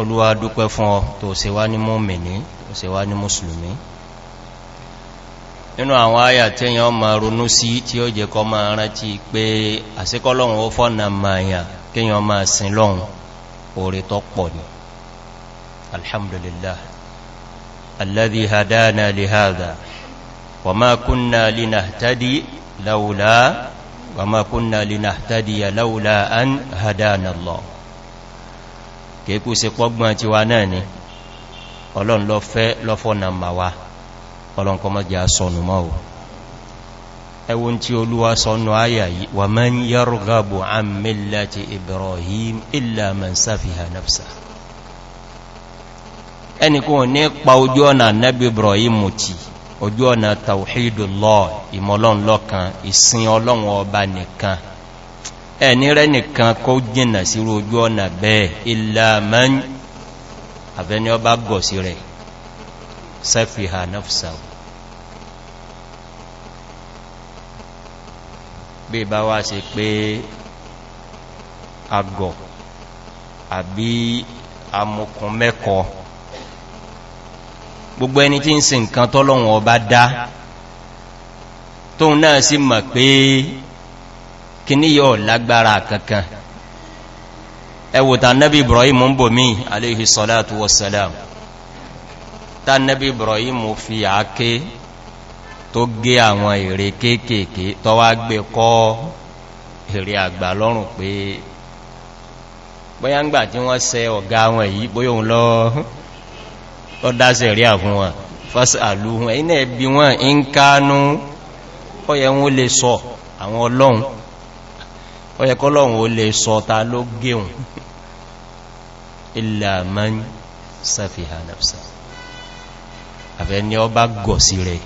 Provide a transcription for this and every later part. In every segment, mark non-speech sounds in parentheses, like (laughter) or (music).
olúwa dúpẹ́ fún ọ tó se wá ní mọ́mìnì tó se wá ní mùsùlùmí nínú àwọn àyà tí èyàn ma ronú sí tí ó jẹ kọ ma rántí pé àsíkọ́lọ́run ó fọ́nà maya kíyàn ma sin lọ́run orí tó pọ̀ ní alhamdulillah kèékú se pọ́gbọ́n ti wa náà ni ọlọ́n lọ fẹ́ lọ́fọ́ na ma wa ọlọ́n kọ mọ́já sọnù mọ́ o ẹwọ́n tí olúwa sọnù ayà yìí wà mẹ́ ń yárùgbàbù àmìlá ti ibrahim ilẹ̀ mẹ́sàfihà nafsa ẹni rẹ nìkan kó jìnà sí ojú ọ̀nà bẹ́ẹ̀ ìlàmán àfẹ́ni ọba gọ̀ sí rẹ̀ sẹ́fìhà náfisàwò bí bá wá sí pé agọ̀ àbí amukun mẹ́kọ gbogbo ẹni tí ń sin nǹkan tọ́lọ́wọ̀n ọba dá tóun náà sí mọ̀ pé kíní yóò lágbára kankan ẹwùta nabi ibrahim ń bò mí aléhì sọ́látù wasalam ta nabi ibrahim fi àáké tó gé àwọn èrè kéèkèé tó wá gbé kọ́ èrè àgbà lọ́rùn pé bóyá ń gbà tí wọ́n sẹ ọ̀gá àwọn èyí bóyá òun lọ ọ dáṣẹ̀ rí àfún wọn fásí àlúhun ẹ̀yìn náà bí wọ́n ń kánú ọyẹ̀ wọn lè sọ àwọn ọlọ́run ọyẹ kọlọ̀hun ó lè sọta ló gẹun illa man safiha nafsa àfẹ́ ni ọba gọ̀ sí rẹ̀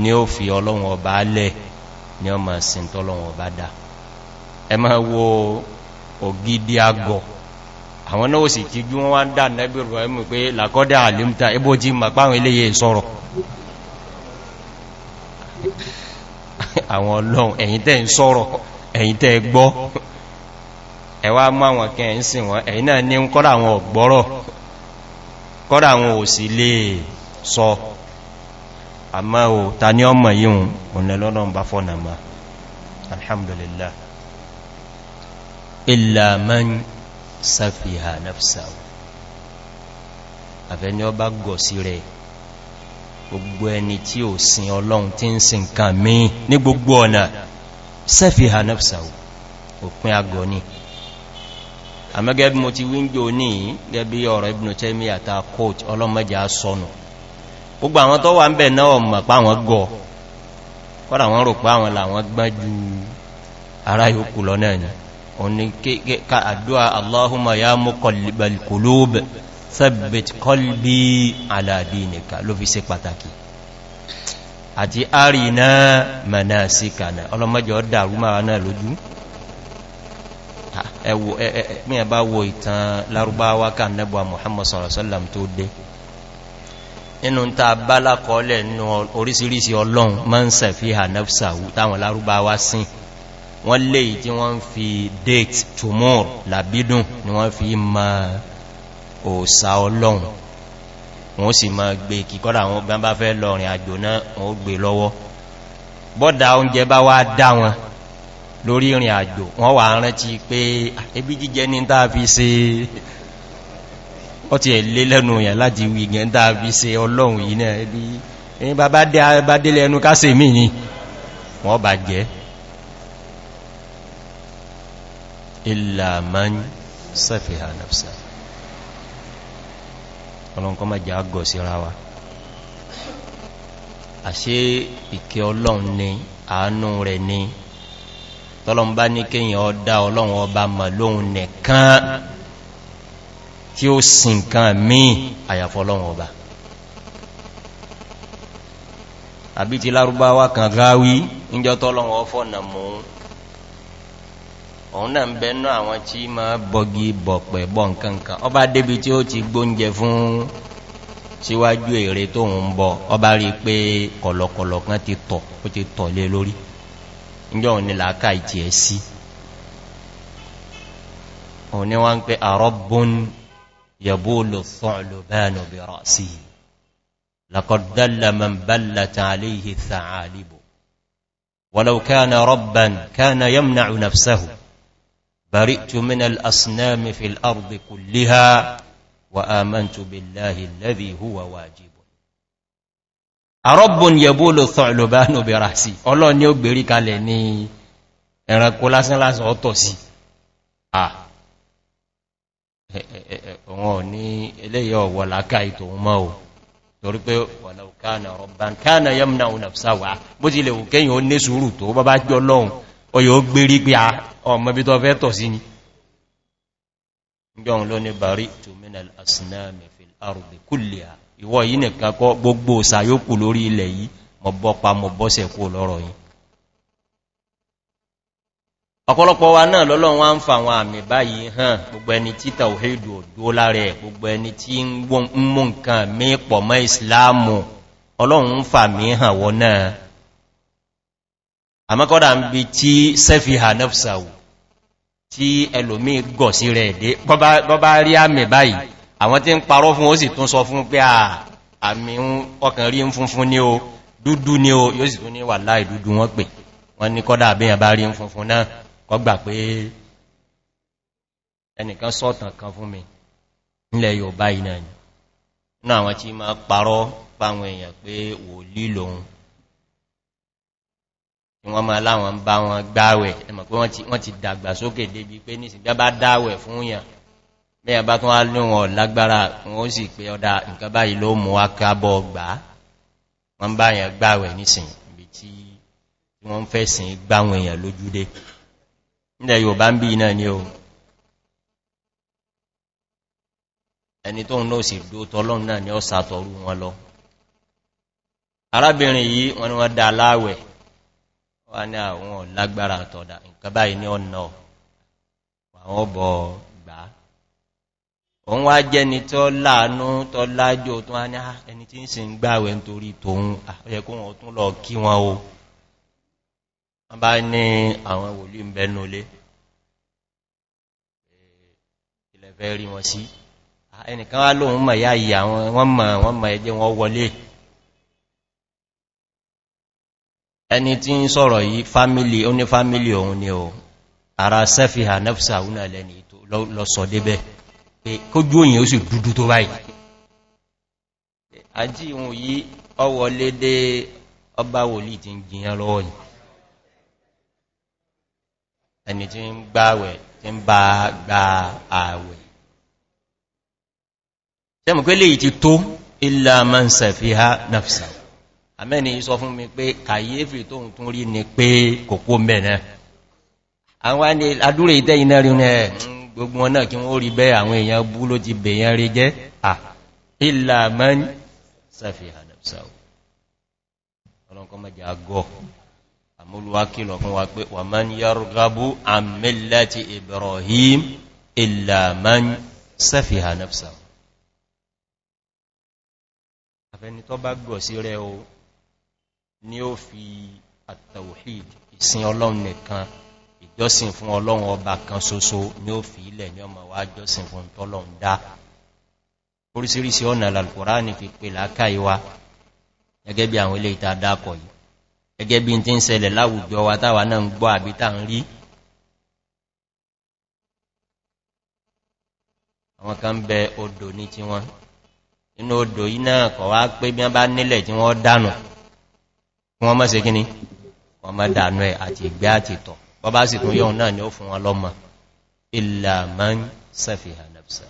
ni ó fi ọlọ́run ọba alẹ́ ni ọmọ sin tọ́lọ́run ọba dá ẹ máa wo ògidì agọ̀ àwọn náà sì kí jú wọ́n wá dá (laughs) àwọn ọlọ́run ẹ̀yìn tẹ́ ń sọ́rọ̀ ẹ̀yìn tẹ́ gbọ́ ẹwà mọ́ àwọn kẹ́ ń sìn wọ́n ẹ̀yìn náà ní kọ́dà àwọn ọ̀gbọ́rọ̀ kọ́dà àwọn òsì lè sọ àmá o ta ní ọmọ yíhun alhamdulillah illa man safiha nafsahu àfẹ́ni ọba gọ̀ sí rẹ̀ gbogbo ẹni tí ò sin ọlọ́run tí ń sin kàmí ní gbogbo ọ̀nà safiha nafsahu òpin agọ̀ ni àmẹ́gẹ́ bí mo ti wíńgbò ní gẹ́bí ọ̀rọ̀ ibùn tẹ́mí àta coach ọlọ́mọjà sọnù gbogbo àwọn tó wà ń bẹ̀ náà mọ̀ pa àwọn gọ̀ kọ́dà wọ́n rò pa àwọn làwọn gbá ju ara yòókù lọ náà ni òní ká àti àrìnà manasikana ọlọ́mọ́jọ́ dàrú máa náà lójú ẹwọ ẹ̀mí ẹ̀bá wo ìtàn lárúbáwá ká nẹ́bọ̀ muhammad sallallahu tó dé inú ta bá lákọọ́lẹ̀ nínú orísìírísì ọlọ́run ma ń sẹ̀fí hanefsahu táwọn lárúbáwá sín wọ́n lè tí wọ́n fi date tomorrow làbídùn ni wọ́n fi ma òòsà ọlọ́run wọ́n sì máa gbé kíkọ́lá àwọn ọgbọ́n bá fẹ́ lọ́rin àjò náà wọ́n gbé lọ́wọ́ bọ́dá oúnjẹ bá wá dá wọn lórí ìrìn àjò wọ́n wà rántí pé ebí jíjẹ ní táà se ọ ti ẹ̀lé lẹ́nu yẹn láti wí gẹn se ọlọ́run yìí náà ebí ọlọ́nkọ́ má jà gọ̀ síra wa àṣé ìkẹ́ ọlọ́run ni àánú rẹ̀ ni tọ́lọ́n bá ní kíyàn ọdá ọlọ́run ọba mọ̀ lóhun nìkan tí ó sin kan àyàfọ́ ọlọ́run ọba àbí ti lárúbáwá kan gáwí níjọ́ tọ́lọ́run ọfọ́ nà mọ́ òun náà ń bẹnú àwọn tí ma bọ́gi bọ̀pẹ̀ bọ́ nkankan ọba débi tí ó ti gbóúnjẹ fún síwájú èrè tó ń bọ̀ ọba rí pé kọ̀lọ̀kọ̀lọ̀ kan ti tọ̀ ó ti tọ̀ lé lórí ìjọ òun ni làákà ìtì ẹ̀ sí òun ni wọ́n pé àrọ́bùn yẹ̀bóòlò fọ́ọ̀lù برئت من الأصنام في الأرض كلها وآمنت بالله الذي هو واجب أرب يبول الثعلبان برأسي الله ni لني gbèrí kalẹ̀ ní ẹranko lásán lásán ọ̀tọ̀ sí àwọn ní eléyẹ ọ̀wọ̀ láká ìtò mọ́ o torí pé wọ̀lọ̀kánà rọ̀bán kánà yẹ́mùnáwò nàfsáwà bó ti lè wùkẹ́yìn ó ní sùúrù tó bá bá jọ lọ́hun ó yóò gbèrí pé ọmọ ibi tó fẹ́ tọ̀ sí ni jọun ló ní bari to minal asinami fil arbi kulliya ìwọ yìí nìkan kọ gbogbo sàyókù lórí ilẹ̀ yìí mọ̀ bọ́ pa mọ̀ bọ́sẹ̀ lọ́rọ̀ yìí ọ̀pọ̀lọpọ̀ wa náà lọ́lọ́run wá ń fa àwọn àmì báyìí hàn gbogbo ẹni tí tàwíìdù òdó lárẹ̀ gbogbo ẹni tí ń mú nǹkan mí pọ̀ mọ́ ìsìláàmù ọlọ́run ń fà mí hàn wọ náà àmọ́kọ́dà ń bi tí sẹ́fìhà nẹ́fìsàwò tí ẹlòmí gọ̀ sí rẹ̀ èdè bọ́bá rí àmì báyìí àwọn tí ń parọ́ fún ó sì tún sọ fún pé àmì ọkàn rí ń funfun ní o dúdú ní o yóò sì tún ní wà láì dúdú wọ́n pè wọ́n ní kọ́dà àbíyàn bá rí ń funfun náà kọgbà pé ẹnìkan sọ́ọ̀tàn kan fún náà ni wọ́n máa láwọn ń bá wọn gbáwẹ̀ ẹmọ̀ pé wọ́n ti dàgbà sókè débi pé ní ìsìnkà bá dáwẹ̀ fún yàn mẹ́yàn bá tún wá ní wọn lágbára wọn ó sì pé ọdá nǹkan báyìí ló mú akábọ̀ gbà wọ́n bá yàn gbáwẹ̀ nísìn ibi tí wọ́n fẹ́ sin arábìnrin yìí wọn ni wọ́n dá aláwẹ̀ wà ní àwọn lágbára àtọ̀dá nǹkan báyìí ní ọ̀nà àwọn ọbọ̀ gbà òun wá jẹ́ ni tó láàánú tó lájò tó wá ní ah, ẹni tí ń sin gbáwẹ̀ nítorí tóun ah, lọ kí wọn o wọ́n bá ní àwọn wòlí ń bẹnu rí wọn sí ah, ẹnìkan wá mọ̀ mọ̀ ẹjẹ́ wọn wọlé ẹni tí ń sọ̀rọ̀ yìí fámílì ó ní fámílì òun ni o ara sẹ́fìhà nẹ́fìsà òun náà lẹ́ni lọ sọ débẹ̀ pé kójú òyìn ó sì dúdú tó báyìí àjí ìwọ̀n yìí ọwọ́ lédé ọba wòlí ti ń jìyàn lọ́wọ́ ni ẹni tí ń gbáwẹ̀ tí ń àmẹ́ni sọ fún mi pé kàyéfì tó ń tún rí ni pé kòkó mẹ́nà àwọn ni adúrè ìtẹ́ iná rí ní gbogbo wọn náà kí wọ́n rí bẹ́ àwọn èèyàn bú ló ti bèèyàn rí jẹ́ à ìlà mẹ́n sẹ́fì àdàbsáwò ọlọ́nkọ́ mẹ́jẹ agọ́ àmúlùwákìlọ̀ fún wa bá gọ̀ sí rẹ̀ o ni ó fi àtàwòhìd ìsin ọlọ́run nìkan ìjọsìn fún ọlọ́run ọba kan soso ni ó fi ilẹ̀ ní ọmọ wá jọsìn fún tọ́lọ́run dá orísìírísì ọ̀nà alàlùkùrá ní fi pè lákàíwá gẹ́gẹ́ bí àwọn ilé ìta dákọ̀ yìí gẹ́gẹ́ bí tí ń sẹlẹ̀ láwùjọ wa táwà náà ń gbọ́ àbí tà ń rí àwọn kan bẹ odò ní tí wọ́n inú odò yìí náà kọ̀ wá pé bí wọ́n bá nílẹ̀ tí wọ́n dánù wọ́n má se gíní wọ́n má dànú ẹ̀ àti ìgbé àti tọ̀ bọ́bá sì tún yóò náà ni ó fún wọn lọ́mọ ìlàmán sẹ́fìhà nẹ́bsẹ̀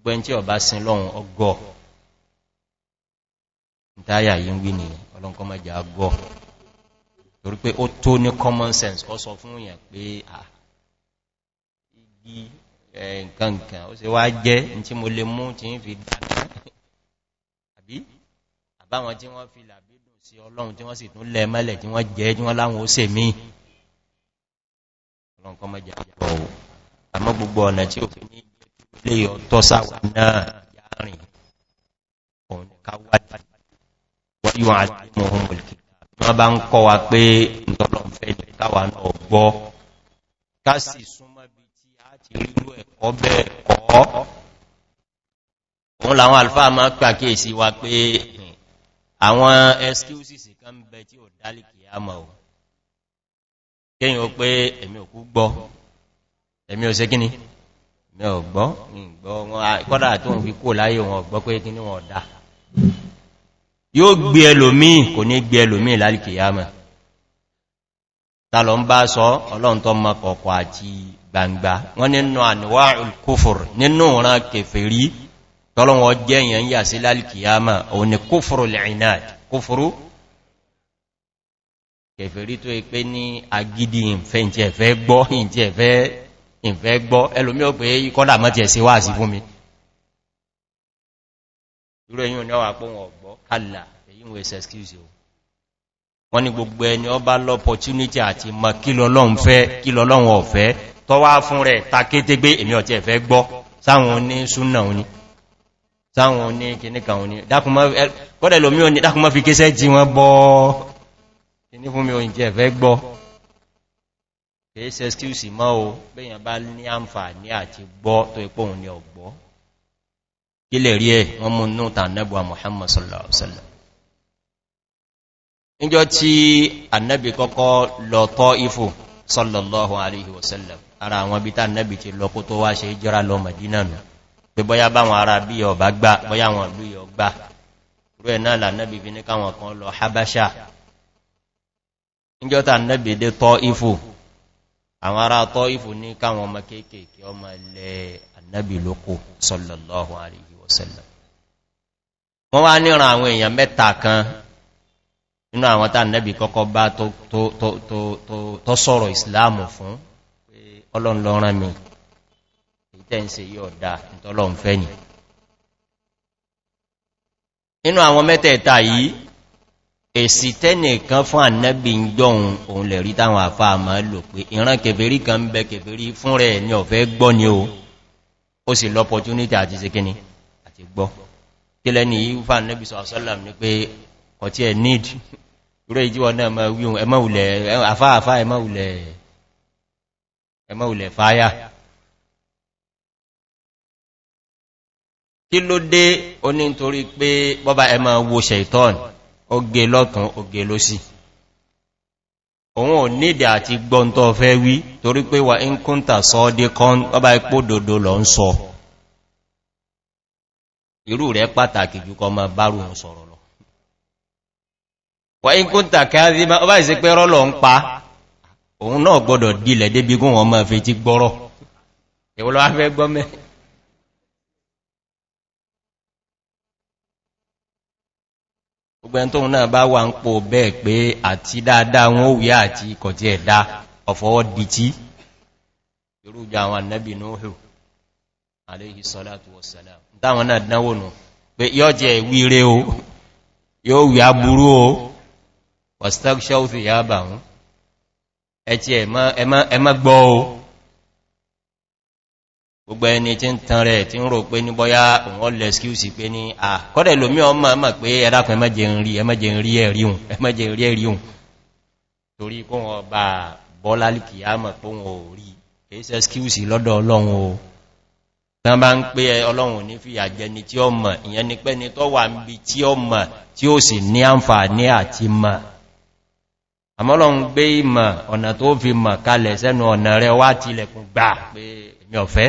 gbẹ́n tí ọba sin lọ́run ọgọ́ ìdáyà yìí ń wí ni ọlọ́nkọ́ má jẹ́ agọ́ ní common sense kọ́ sọ fún èèyàn pé à igi nǹkan nǹkan ó sì wá báwọn tí wọ́n fi làbídùn sí ọlọ́run tí wọ́n sì tún lẹ mẹ́lẹ̀ tí wọ́n jẹ́ tí wọ́n láwọn ó se mí ọlọ́run kọ́ mẹ́jẹ̀ àjẹ́bọ̀ ò àmọ́ gbogbo ọ̀nà tí òfin ní ilé ọ̀tọ́ sáwà náà yáàrin òun káwàá wọ́n yíwọ̀n àti mọ̀hún mọ̀lẹ̀kì wọ́n bá ń ẹ̀kọ́ bẹ́ẹ̀ kọ́ òun làwọn alfáà máa pàkíyèsí wa pé hmm, àwọn excuses kan bẹ tí ò dálìkì àmà ò kíyàn ó pé èmi ò kú gbọ́ èmi ò ṣe kíní mi ò gbọ́ mi gbọ́ wọn kọ́dà tó ń fi kó láyé wọn gbọ́ pé kíní wọn dá yóò gbé ẹlòmíì kò ní gbé ẹlòmíì lálìkì àmà tàlọ ń bá sọ ọlọ́run àti gbangba wọ́n nínú àníwá olùkúfùr nínú ìran kèfèrí tọ́lọ́wọ́ jẹ́ èyàn yà sí lálìkìyàmà òun ni kófòrò lẹ́ìnáàd kófòrò kẹfẹ̀rí tó ipé ní agidi ìfẹ́ǹtì ẹ̀fẹ́ gbọ́ ìntì ẹ̀fẹ́ gbọ́ ẹlòmí ó pé kọ́dà mọ́ ti ẹ̀ sí wá sí fún mi wọ́n ni gbogbo ẹni ọba lọ́pọ̀túnítì àti mọ̀ kí lọ́lọ́run fẹ́ kí ọ̀fẹ́ tọ́wàá fún rẹ̀ takété gbé èmi ọ̀tẹ̀ gbọ́ sáwọn oní súnà oní táwọn oní kìníkà oní kọ́dẹ̀ lómi oní dákùnmọ́ fi kéṣẹ́ jí wọ́n bọ́ kìní fún mi oúnjẹ ẹ̀fẹ́ gbọ́ kéṣẹ́ skills mọ́ o bẹ́yàn bá ní àǹfààní àti gbọ́ tó ipò òun ọ̀gbọ́ kílẹ̀ rí ẹ̀ wọ́n mú nú tànẹ́bù muhammad sallallahu alaihi wasallam níjọ́ tí annabi kọ́kọ́ lọ tọ́ ifò sallallahu alaihi wasallam ara àwọn bí tànẹ́bì ti madina pé bọ́yá báwọn ará bí ọba gbá bọ́yá wọn lú ọgbá rẹ̀ náà lànàbì fi ní káwọn kan lọ habasha níjọ́ta nẹ́bì dé tọ́ ifò àwọn ará tọ́ ifò ní káwọn ọmọ kéèkèé ọmọ ilẹ̀ annabi lókò sallallahu alayhi wasallam wọ́n wá níran àwọn èèyàn mẹ́ta kan nínú àwọn tá nẹ́bì kọ́kọ́ bá tó sọ́rọ̀ ìsìláàmù fún ọlọ́nlọ́rán mi tẹ́ǹsẹ̀ yóò dá ìtọ́lọ̀ ń fẹ́ ni nínú àwọn mẹ́tẹ̀ẹ̀ta yìí èsì tẹ́nìkan fún ànẹ́bì ń jọun òun lè rí táwọn àfá àmà lò pé ìran kèfèrí kan ń bẹ kèfèrí fún rẹ̀ ní ọ̀fẹ́ gbọ́ ni o ó sì lọ́pọ̀túnítà need rẹ̀ ìjíwọ̀ náà ma wíhun ẹmọ́ ulẹ̀ fáyà kí ló dé o ní nítorí pé bọ́bá ẹ máa wo ṣẹ̀tọ́n oge lọ́tún oge ló sí òun ò nídẹ̀ àti gbọ́ntọ́ fẹ́ wí torí pé wà ń kúntà sọ dé kan bọ́bá ipò dòdó lọ ń sọ irú rẹ̀ pàtàkì jùkọ ma bárù ń sọ̀rọ̀ lọ wà ń kúntà káàzí bọ́bá ìsẹ́ pé rọ́lọ̀ ń pa òun náà gbọ́dọ̀ dílẹ̀ débigún wọn máa fẹ́ ti gbọ́rọ̀ ìwọ́lọ́wà fẹ́ gbọ́mẹ́ ọgbẹ̀n tó náà bá wà ń pò bẹ́ẹ̀ pé àti dáadáa wọn ó wíyá àti ikọ̀ tí ẹ̀dá ọ̀fọwọ́ di tí irúgbà àwọn annabi nóhù aléhì sọ́látù wọ̀sálà dáwọn pé o wí gbogbo ẹni tí ń tan rẹ̀ tí ń rò pé ní bọ́yá òun lè skíùsì pé ní à kọ́dẹ̀ lómí ọmọ ọmọ pé ẹ̀dàkùn ẹmẹ́jẹ ń rí ẹmẹ́jẹ ń rí ẹ̀rí hùn ẹmẹ́jẹ ń rí ẹ̀rí hùn torí kó wọn bá bọ́lálìkì àmọ̀ pé wọn o tán bá ń pé ọlọ́run ní fìyà jẹni tí ó mọ̀ ìyẹn ni pẹ́ni tó wà ń bi tí ó mọ̀ tí ó sì ní àǹfààní àti mọ̀ àmọ́lọ́run gbé ìmọ̀ ọ̀nà tó fi mọ̀ kalẹ̀ sẹ́nu ọ̀nà rẹ wá tilẹ̀kùn gbà pé èmi ọ̀fẹ́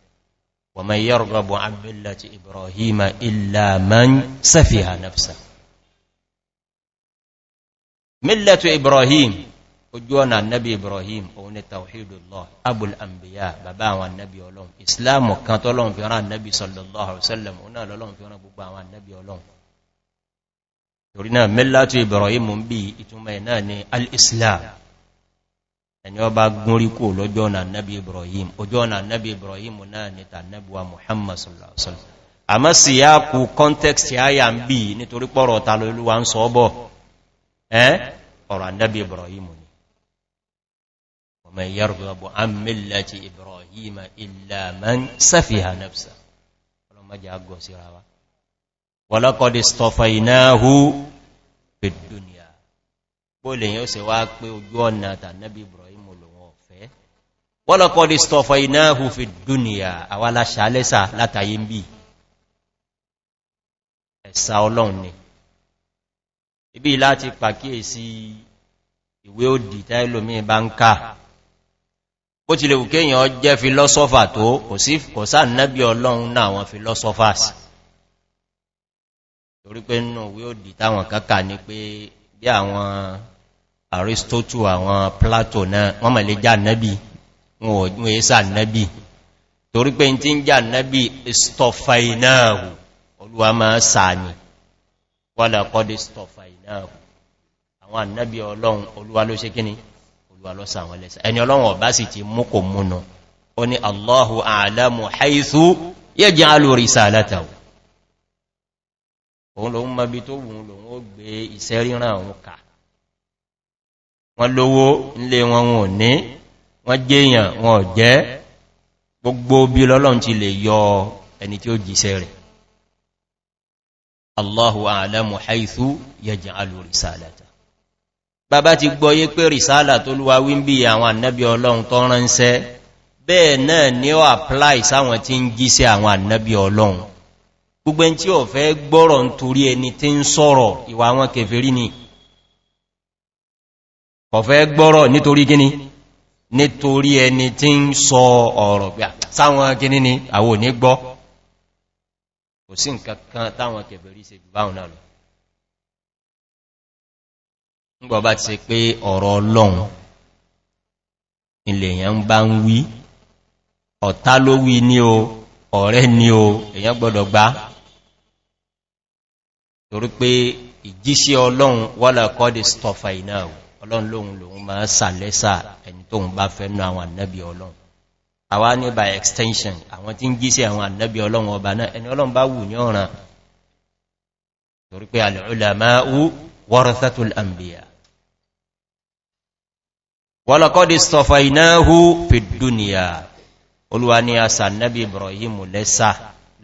ومن يرغب عن ملة إبراهيم إلا من سفها نفسه ملة إبراهيم ojuona annabi ibrahim òun ni tawhidullah abul anbiya bàbá àwọn annabi ọlọ́run islamu kan tó lọ́run fi ran annabi sallallahu alaihi wasallam òun náà lọ́run fi ran gbogbo àwọn annabi ọlọ́run torí náà mẹ́lá tó ibrahim ń bí ìtumẹ̀ náà ni al-islam ẹni ọba gúnrí kú lọ́jọ́ ọ̀nà annabi ibrahim ojú ọ̀nà annabi ibrahim náà ni tànàbíwa muhammad sallallahu alaihi wasallam àmọ́ sí yá kú context àyà ń bí nítorí pọ̀rọ̀ ta lóluwa ń sọ́bọ̀ ẹ́ ọ̀rọ̀ annabi ibrahim wá pé ojú ọ̀nà tànàbí ibrahim wọ́lọ̀kọ́dí stọ̀fọ̀ iná hùfì dúnìyà àwàláṣà lẹ́sà látàyé ń bí ẹ̀sà ọlọ́run ni ibi láti pàkíyèsí ìwé òdì táìlòmí bá ń ká bó ti lè wù kéèyàn jẹ́ filọ́sọ́fà tó kò sáà nẹ́bí ọlọ́run náà àwọn filọ́sọ́fàs torí pé nínú ìwé òdì táwọn kákà ní pé bí àwọn aristotle àwọn plato náà wọ́n mọ̀ já nẹ́bí wọn òdún èsà nẹ́bì torí pé tí ń jà nẹ́bì stọfàìnáàwò olúwa máa sàánì wọ́dà kọ́dé stọfàìnáàwò àwọn ànẹ́bì ọlọ́run olúwa ló ṣe kíní olúwa lọ sàwọn lẹ́sà ẹni ọlọ́run ọ̀bá sì ti mú kò múnà ó ní allahu alamu haithu yẹ jẹ́ lówó nílé wọn wọn ní wọ́n jẹ́ èèyàn wọn jẹ́ gbogbo bí lọ́lọ́n ti lè yọ ẹni tí ó jíṣẹ́ rẹ̀ allahu alamu haithu yẹjẹ alùrìsálàtà bàbá ti gbọ́yé pé risala tó lúwa wíńbí àwọn annabi ọlọ́run tó ránṣẹ́ bẹ́ẹ̀ náà ni ó apply sáwọn tí ń jíṣẹ́ àwọn annabi ọlọ́run gbogbo ẹn tí ó fẹ́ gbọ́rọ̀ nítorí ẹni nítorí ẹni tí ń sọ ọ̀rọ̀ pé sáwọn gíní ni àwọn òní gbọ́ kò sí nǹkan kan táwọn kẹbẹ̀rí se báhùn náà lọ ńgbọ́ bá ti se pé ọ̀rọ̀ ọlọ́run ilẹ̀ èyàn bá ń wí ọ̀tá ló wí ní o ọ̀rẹ́ ní o èyàn gbọ́dọ̀ gbá torí pé ìjíṣẹ́ ọlọ́run wọ́lá kọ́ ọlọ́run lóhun lòun máa sàlẹ́sà ẹni tóhun bá fẹ́ nú àwọn ànẹ́bí ọlọ́run àwá ní by extension àwọn tí ń jí sí àwọn ànẹ́bí ọlọ́run ọba náà ẹni ọlọ́run bá wù ní ọ̀ràn torí pé alìrìnlẹ̀máú wọ́rọ̀sẹ́tul àmbìyà wọ́lọ̀kọ́dì sọfà ináhù fìdúnìyà olúwa ibrahim lẹ́sà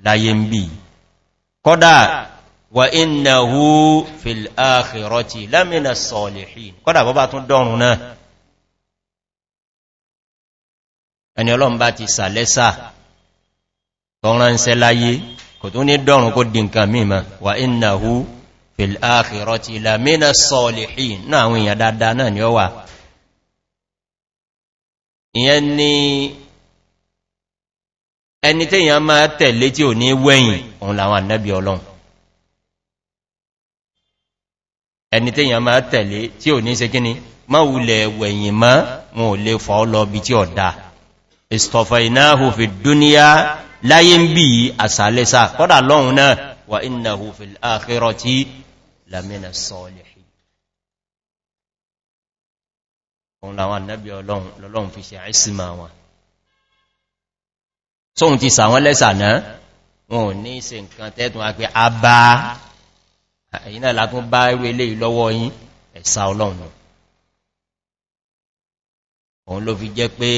láyé ń bì wà ináhú fìláàkìrọtì lámìnà sọ̀lẹ̀hì kọ́dà bọ́bá tún dọ́rùn náà ẹni ọlọ́mbá ti sàlẹ́sà tọ́ránṣẹ́ láyé kò tún ní dọ́rùn kó dì nǹkan mímọ̀ wà ináhú fìláàkìrọtì lámìnà sọ̀lẹ̀hì náà àwọn èèyàn dáadáa náà ni ó wà ẹni tí máa tẹ̀lé tí ò ní wẹ́yìn òun làwọn ànẹ́bí ọlọ́run ẹni tí èyàn máa tẹ̀lé tí ò ní ṣe kíní máa wulẹ̀ wẹ̀yìn mọ́ wọn ò lè fọ́ lọ bí tí ọ̀dá ìstọ̀fà ináhù fi dúníyà láyé ń bí àsàlẹ́sà kọ́dà lọ́hun náà wà ináhù fi ẹ̀yìn náà látún bá irú ilé ìlọ́wọ́ yìí ẹ̀sà ọlọ́run òun ló fi jẹ́ pé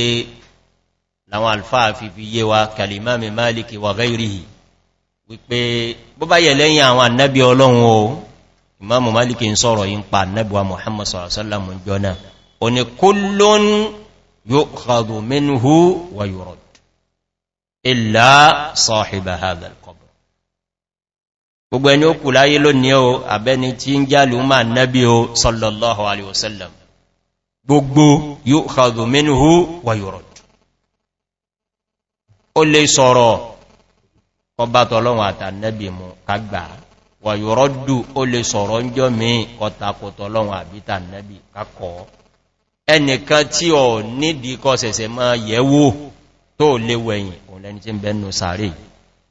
láwọn alfáà fi fi yé wa kalimami maliki wa gairihi wípé bó bá yẹ lẹ́yìn àwọn annabi ọlọ́run o imamu maliki ń sọ̀rọ̀ yí ń pa annabi wa muhammad sallallahu gbogbo ẹni ó kù láyé lónìí o àbẹ́ni tí ń jálù ma nẹ́bí o sallallahu alaihi wasallam gbogbo yóò ṣàdù mínú hú wà yọ̀rọ̀ ó lè sọ̀rọ̀ ọba tọ́lọ́wọ̀n àtànẹ́bì mú kagbà wà yọ̀rọ̀ dù ó lè sọ̀rọ̀ ń jọ mí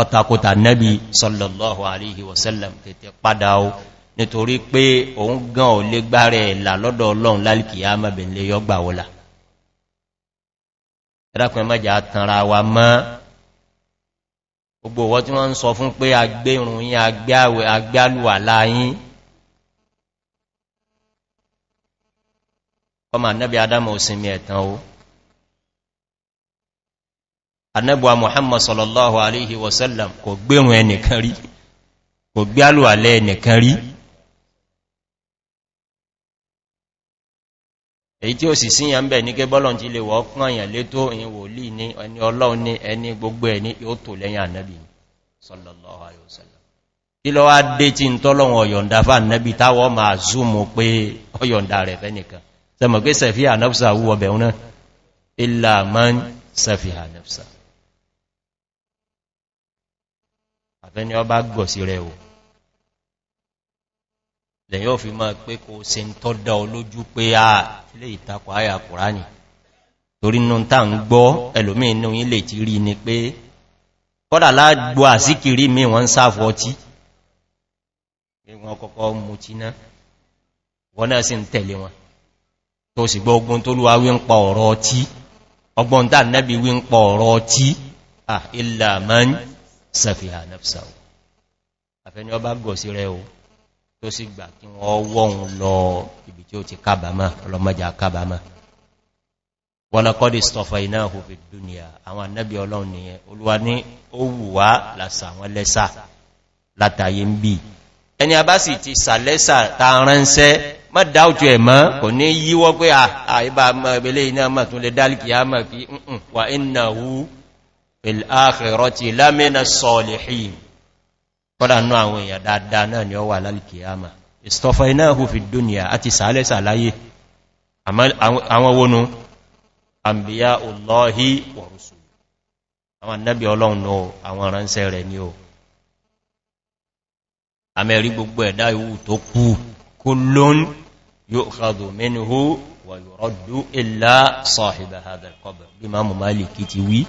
ọ̀tàkùtà nẹ́bí sallallahu alaihi wasallam tètè padà o nítorí pé òun gan ò lè gbárẹ̀ ẹ̀là lọ́dọ̀ ọlọ́run lálìkìyà mẹ́bìnlẹ̀ yọgbà wọlá ẹ̀dàkùn ẹmọ́jà tanra wa mọ́ gbogbo wọ́n tí wọ́n ń sọ ọmọ nẹ́bí adámọ̀ òsinmi ẹ̀tàn o anẹ́bùwa muhammad sallallahu alaihi wasallam kò gbéhun ẹnìkan rí kò gbé alùwàlẹ́ ẹnìkan rí èyí tí ó sì sí yàn bẹ̀ ní ké bọ́lọ̀ tí lè wọ́kàn àyàn létó ìyìn wòlí ní ẹni ọlọ́run ní ẹni gbogbo ẹ̀ ní ó tò lẹ́yìn ànẹ́bì sallallahu alaihi wasallam kí lọ wá dé tí ń tọ́lọ́run ọ̀yọ̀ǹda fà àfẹ́ni ọba gbọ̀sí rẹ̀ o lẹ́yìn òfin máa pé se ń tọ́ dá olójú pé a ilé ìtakọ̀ àyà kùránì torí nù ń gbọ́ ẹlòmí inú ti rí ni pé kọ́dà lágbọ́ àsíkiri mi wọ́n sáfọ́ ọtí wọ́n kọ́kọ́ mú tí ná wọ́n sàfihà nafsa o àfẹni ọba gọ̀ sí rẹ o tó sì gbà kí wọ́n wọ́n lọ ibi tí ó ti kábàmà ọlọ́mọjà kábàmà wọ́lọ́kọ́dì stọfà iná òfin dúnìyà àwọn anẹ́bí ọlọ́run nìyẹn olúwa ní ó wùwá làsà wọn lẹ́sà látàyé ń bí ẹni a bá sì dáòtù ẹ̀ kò ní yíwọ́ pé àìbá mọ́ ìbẹ̀lẹ̀ iná mọ̀ tún lè dálìkì á mọ̀ kí wà ìnáwó ìlàáfẹ̀rọ̀tí lámẹ́nà sọ̀lẹ̀hì kọ́dà ní àwọn èèyàn dáadáa náà ni ó wà lálìkìyàmà ìstọ́fà iná hù fi dúnìyà àti sàálẹ̀ sàláyé àwọn wónú àmbíyá olóhí wọ̀rùsù àwọn annabi ọlọ́run àwọn ránṣẹ́ rẹ̀ ni ó amẹ́rí gbogbo ẹ̀dá ìwú tó kú kó lón ilá sọ̀hìbà hadar bí máa mọ̀ máa lè kí wí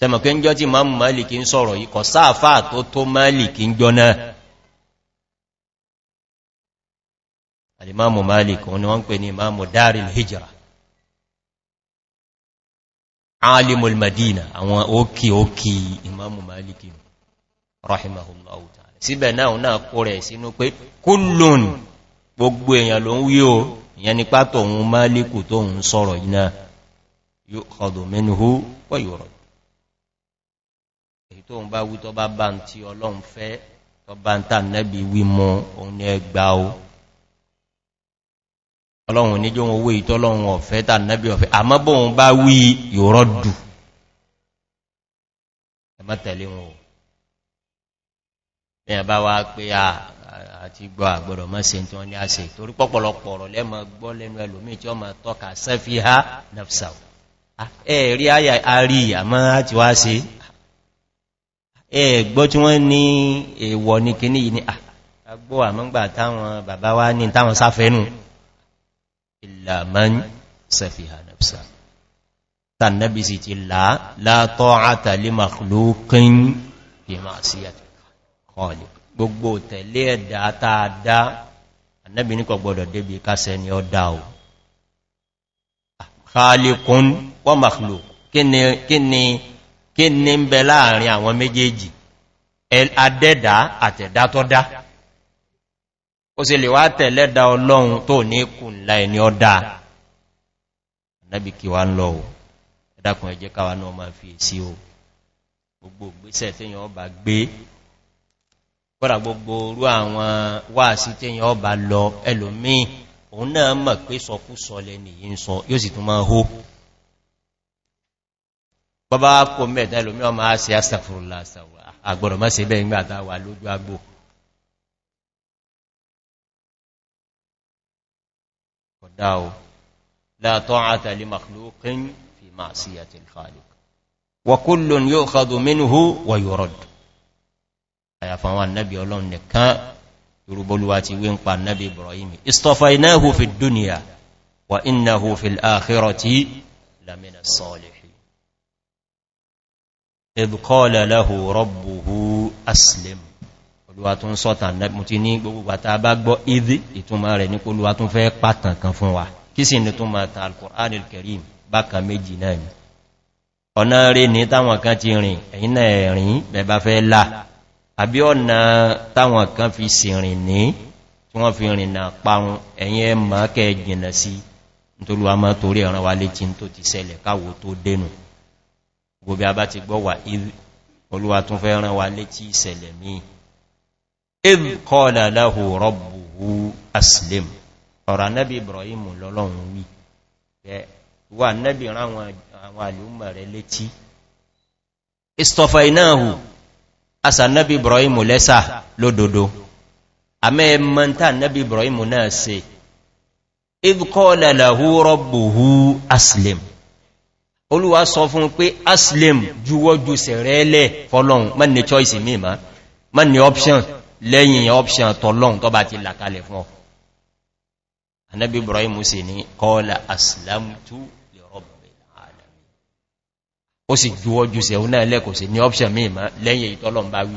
sẹ́mọ̀kẹ́ ń jọ tí ma mú Málìkì ń sọ̀rọ̀ yìí kọ̀ sáàfà tó tó Málìkì ń jọ náà alìmáàmù Málìkì wọn ni wọ́n ń pè ní imáàmù dárí hijira alimul madina àwọn ókè ókè imáàmù Málìkì rahimahullahu ta'ala síbẹ̀ náà náà kó rẹ̀ sínú minhu wa yurad tó ń bá wí tó bá bá ń tí ọlọ́run fẹ́ tó bá ń tàn nẹ́bí wí mọ́ òun ni ẹgbà o ọlọ́run níjọ́ owó ìtọ́lọ́run ọ̀fẹ́ tàn nẹ́bí ọ̀fẹ́ àmọ́ bóun bá wí yòrọ́ dù ẹmọ́ tẹ̀lé wọn o ní ẹ̀bá wá pé àti gbọ́ àgbọ̀dọ̀ nafsa ẹ̀rí àyà àrí àmọ́ àti wá se ẹgbọ́ tí wọ́n ní èèwọ̀ ní kìíní yìí ni àgbó ah, àmọ́gbà táwọn bàbá wá ní táwọn sáfẹ́nù ìlàmán sẹfihàn ẹ̀psà tànàbí sì ti láà látọ́ àtàlé makhlókín ìmọ̀ sí àtìkọ́ọ̀lẹ̀ gbogbo tẹ̀lé ẹ̀dà tààdá annabi ní kọ gbọdọ̀ ah, ni kí ní ń bẹ láàrin àwọn méjèèjì adẹ́dà àtẹ̀dá tó dá ó sì lè wá tẹ̀lẹ́dà ọlọ́run tó ní kùnlá ẹni ọdá nábìkí wa ń lọ ò ẹ̀dàkùn ẹjẹ́ káwà náà máa fi èsí o gbogbo gbésẹ̀ tíyàn ọba gbé kọ́dà gbogbo orú àwọn wáàsí tíyàn ọba lọ ẹlòmí òun náà mọ̀ pé sọkú sọ lẹ́nìí ń sọ yóò sì tún máa hó bọ́bá kò mẹ́ta ilomi ọmọ àṣì àṣàfúrúlá àgbọ̀rọ̀ má se bẹ́ẹ̀ ìgbàta wà lójú agbó kọ̀dá o látọ́ àtàlì makhlókin fi máa sí àti ìfàlùk wàkúllùn yóò kàdù mínú wà yọ̀rọ̀d àyàfàwọn annabi ọlọ́run nìkan yorùbọ́lúwa ti wí ń wa innahu fi al'akhirati lamina sọ́lẹ̀ ẹ̀bùkọ́ọ̀lẹ̀ lẹ́hù rọ́bùhù asìlẹ̀m olúwa tún sọ́tàn mú ti ní gbogbo bàtà bá gbọ́ ìdí ìtumà rẹ̀ ní olúwa tún fẹ́ pàtàn kan fún wa kí sí ní tún mata alkùnrin kẹrìm bákan méjì náà ni ọ̀nà rẹ̀ ní táwọn kan ti rìn ẹ̀yìn náà rìn bẹ̀bá fẹ́ là àbí ọ̀nà táwọn gbogbo a bá ti gbọ́ wà olúwa tún fẹ́ rán wa létí ìṣẹ̀lẹ̀ mi if kọ́ọ̀lá láhù rọ́bùhù aslim ọ̀rọ̀ anábì ibrahim lọ́lọ́run wí pẹ́ wà nábì rán àwọn rẹ̀ létí istofa asa nábì ibrahim lẹ́sà lódodo aslim olúwa sọ fún pé aslim juwọ́jú sẹ̀rẹ́lẹ̀ fọ́lọ́un ma ní choice mi ma ma ní option lẹ́yìn option tọ́lọ́un tọ́ bá ti làkalẹ̀ fún ọ anábí ibrahim sí ní kọ́ọ̀lá aslamtu lè rọ́bẹ̀ ààrẹ ó sì juwọ́jú sẹ̀rún náà lẹ́kọ̀ọ́ sí ní option mi ma lẹ́yìn ìtọ́lọ́un bá wí